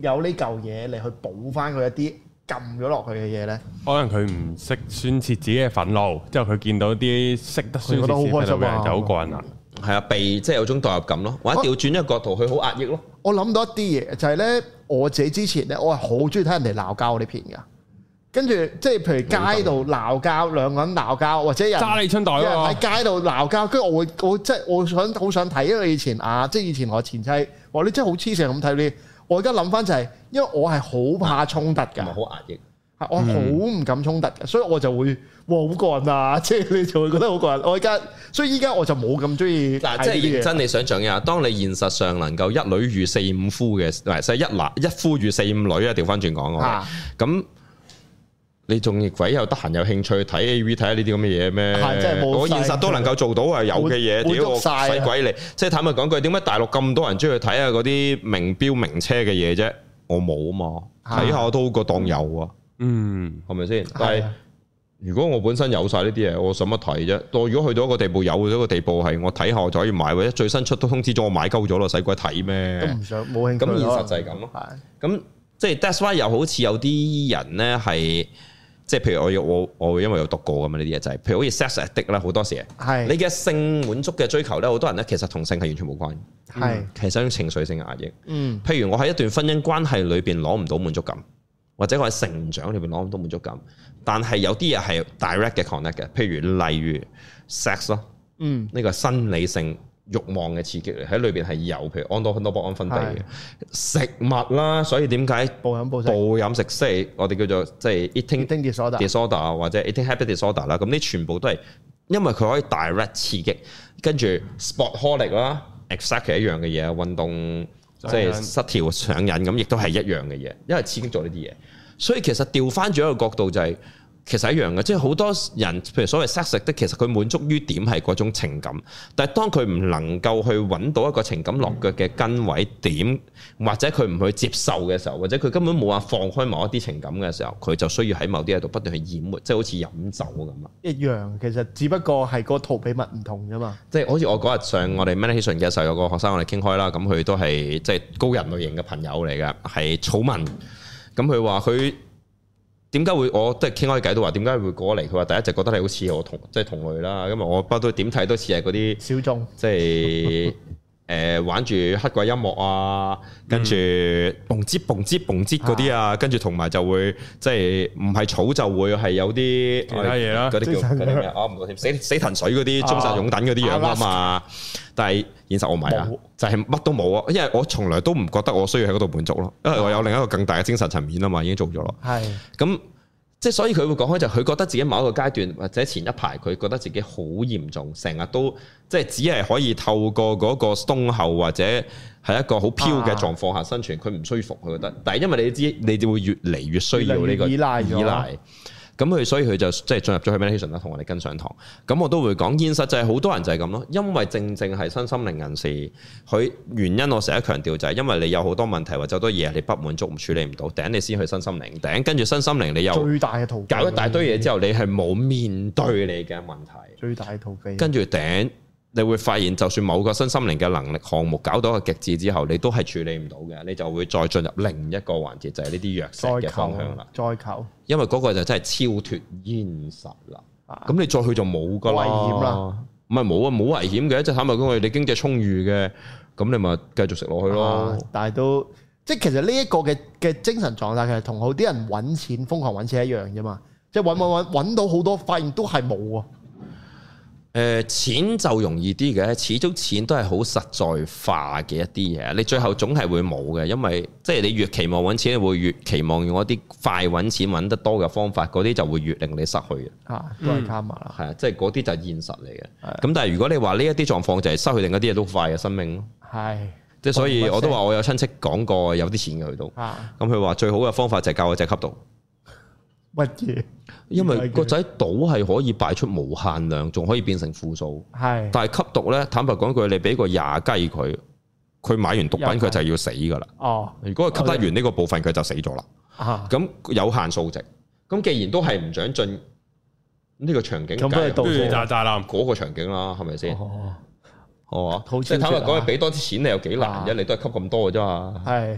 要有呢嚿嘢嚟去補翻佢一啲撳咗落去嘅嘢咧。可能佢唔識宣泄自己嘅憤怒，之後佢見到啲識得宣泄憤怒嘅人就好過癮啦，係啊，被、啊、即係有種代入感咯。或者調轉一個角度，佢好壓抑咯。我諗到一啲嘢就係咧，我自己之前咧，我係好中意睇人哋鬧交嗰啲片噶。跟住即係，譬如街度鬧交，兩個人鬧交，或者人揸你春袋喺街度鬧交，跟住我會，我即係我想，好想睇咯，因為以前啊，即係以前我前妻，我咧真係好黐線咁睇呢，我而家諗翻就係、是，因為我係好怕衝突噶，唔係好壓抑，我好唔敢衝突嘅，嗯、所以我就會，哇好過癮啊！即係你就會覺得好過癮。我而家，所以依家我就冇咁中意。嗱，即係認真你想象一下，當你現實上能夠一女遇四五夫嘅，唔一男一夫遇四五女啊，調翻轉講我。咁你仲逆鬼有得閒有興趣睇 A. V. 睇下呢啲咁嘅嘢咩？我、嗯、現實都能夠做到啊，有嘅嘢屌我死鬼你！即係坦白講句，點解大陸咁多人中意去睇下嗰啲名錶名車嘅嘢啫？我冇啊嘛，睇下我都個當有啊。啊嗯，係咪先？但係、啊、如果我本身有晒呢啲嘢，我使乜睇啫？到如果去到一個地步有咗一個地步係我睇下我就可以買，或者最新出都通知咗我買鳩咗啦，使鬼睇咩？都唔想冇興咁現實、啊、就係咁咯。咁即係 that's why 又好似有啲人咧係。啊即係譬如我有我我會因為有讀過咁，啊呢啲嘢就係，譬如好似 sex addict, 是的啦，好多時。係。你嘅性滿足嘅追求咧，好多人咧其實同性係完全冇關係。係是。其實一種情緒性壓抑。嗯。譬如我喺一段婚姻關係裏邊攞唔到滿足感，或者我喺成長裏邊攞唔到滿足感，但係有啲嘢係 direct 嘅 connect 嘅，譬如例如 sex 咯。嗯。呢個生理性。欲望嘅刺激嚟，喺裏邊係有，譬如安多芬多巴胺分泌嘅是的 食物啦，所以點解暴飲暴食？暴飲食即係，我哋叫做即係 eating eating disorder 啊，或 <noise> 者樂 eating habit disorder 啦，咁呢全部都係因為佢可以 direct 刺激，跟住 sport holic 啦，exactly 一樣嘅嘢，運動即係、就是、失調上癮咁，亦都係一樣嘅嘢，因為刺激咗呢啲嘢，所以其實調翻轉一個角度就係、是。其實一樣嘅，即係好多人，譬如所謂 sex 的，其實佢滿足於點係嗰種情感，但係當佢唔能夠去揾到一個情感落腳嘅根位點，或者佢唔去接受嘅時候，或者佢根本冇話放開某一啲情感嘅時候，佢就需要喺某啲嘢度不斷去淹沒，即係好似飲酒咁啊！一樣，其實只不過係個逃避物唔同啫嘛。即係好似我嗰日上我哋 meditation 嘅時候，有個學生我哋傾開啦，咁佢都係即係高人類型嘅朋友嚟嘅，係草民，咁佢話佢。點解會？我都係傾開偈都話點解會過嚟？佢話第一隻覺得你好似我同即係、就是、同類啦，因為我不嬲都點睇都似係嗰啲小眾，即係。 <laughs> <laughs> 誒、呃、玩住黑鬼音樂啊，跟住蹦接蹦接蹦接嗰啲啊，啊跟住同埋就會即係唔係草就會係有啲嗰啲叫嗰啲咩死死藤水嗰啲、啊、忠實擁躉嗰啲樣啊嘛，啊但係現實我唔係啦，沒就係乜都冇啊，因為我從來都唔覺得我需要喺嗰度滿足咯，因為我有另一個更大嘅精神層面啊嘛，已經做咗咯，係咁的。是即係所以佢會講開就，佢覺得自己某一個階段或者前一排，佢覺得自己好嚴重，成日都即係只係可以透過嗰個鬆後或者係一個好飄嘅狀況下生存，佢唔、啊、舒服，佢覺得。但係因為你知，你就會越嚟越需要呢個依賴。咁佢所以佢就即係進入咗去 meditation 啦，同我哋跟上堂。咁我都會講現實就係好多人就係咁咯，因為正正係身心靈人士，佢原因我成日強調就係因為你有好多問題或者好多嘢，你不滿足唔處理唔到，頂你先去身心靈，頂跟住身心靈你又最大嘅逃避，搞一大堆嘢之後你係冇面對你嘅問題最大嘅逃避，跟住頂。你會發現，就算某個身心靈嘅能力項目搞到個極致之後，你都係處理唔到嘅，你就會再進入另一個環節，就係呢啲藥師嘅方向啦。再求，求因為嗰個就真係超脫現實啦。咁、啊、你再去就冇噶危險啦。唔係冇啊，冇危險嘅，即係坦白講你經濟充裕嘅，咁你咪繼續食落去咯。但係都即係其實呢一個嘅嘅精神狀態，其實同好啲人揾錢瘋狂揾錢一樣啫嘛，即係搵到好多，發現都係冇啊。誒、呃、錢就容易啲嘅，始終錢都係好實在化嘅一啲嘢，你最後總係會冇嘅，因為即係你越期望揾錢，你會越期望用一啲快揾錢、揾得多嘅方法，嗰啲就會越令你失去啊，都係貪嘛，啊、嗯，即係嗰啲就,是、就現實嚟嘅。咁的但係如果你話呢一啲狀況就係失去另一啲嘢都快嘅生命咯，係的，即係所以我都話我有親戚講過有啲錢嘅去到，咁佢話最好嘅方法就係教我就吸毒。乜嘢？因為個仔賭係可以擺出無限量，仲可以變成負數。係，是的 但係吸毒咧，坦白講句，你俾個廿雞佢，佢買完毒品佢就要死噶啦。哦，如果係吸得完呢個部分，佢就死咗啦。咁、哦 okay. 有限數值。咁既然都係唔想進呢個場景，梗都係到炸炸啦。嗰個場景啦，係咪先？係嘛、哦？即係坦白講，俾、啊、多啲錢你有幾難？一嚟、啊、都係吸咁多嘅啫嘛。係。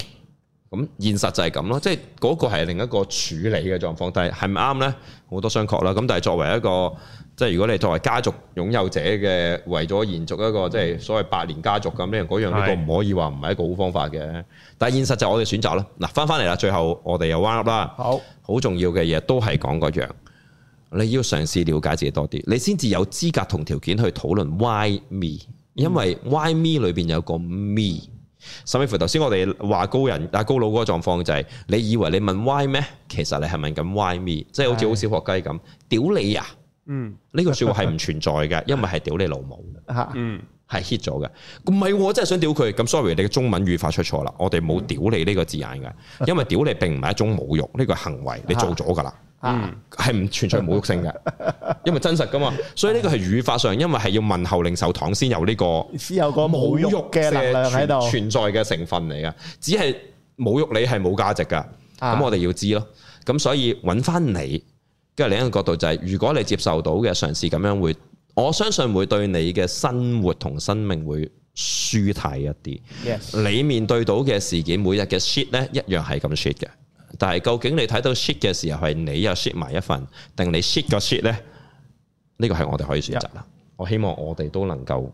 咁現實就係咁咯，即係嗰個係另一個處理嘅狀況，但係係咪啱呢？好多商榷啦。咁但係作為一個，即係如果你作為家族擁有者嘅，為咗延續一個即係所謂百年家族咁，呢是樣嗰樣呢個唔可以話唔係一個好方法嘅。但係現實就係我哋選擇啦。嗱，翻翻嚟啦，最後我哋又彎入啦。好，好重要嘅嘢都係講嗰樣，你要嘗試了解自己多啲，你先至有資格同條件去討論 why me，因為 why me 裏邊有個 me。甚至乎頭先我哋話高人啊高佬嗰個狀況就係、是、你以為你問 why 咩？其實你係問緊 why me，即係好似好小學雞咁，屌你啊！嗯，呢個說話係唔存在嘅，因為係屌你老母，嗯，係 hit 咗嘅。唔係我真係想屌佢，咁 sorry，你嘅中文語法出錯啦，我哋冇屌你呢個字眼嘅，因為屌你並唔係一種侮辱，呢個行為，你做咗噶啦。嗯啊啊，係唔存在侮辱性嘅，因為真實噶嘛，所以呢個係語法上，因為係要問候令壽堂先有呢個，先有個侮辱嘅存，存在嘅成分嚟噶，只係侮辱你係冇價值噶，咁我哋要知咯，咁所以揾翻你，跟住另一個角度就係、是，如果你接受到嘅嘗試咁樣會，我相信會對你嘅生活同生命會舒泰一啲。Yes. 你面對到嘅事件，每日嘅 shit 咧，一樣係咁 shit 嘅。但係究竟你睇到 shit 嘅時候係你又 shit 埋一份，定你 shit 個 shit 咧？呢個係我哋可以選擇啦。Yeah. 我希望我哋都能夠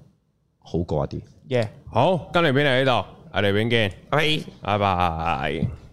好過一啲。y Yeah. 好，今日炳嚟喺度，阿李永見，拜拜拜拜。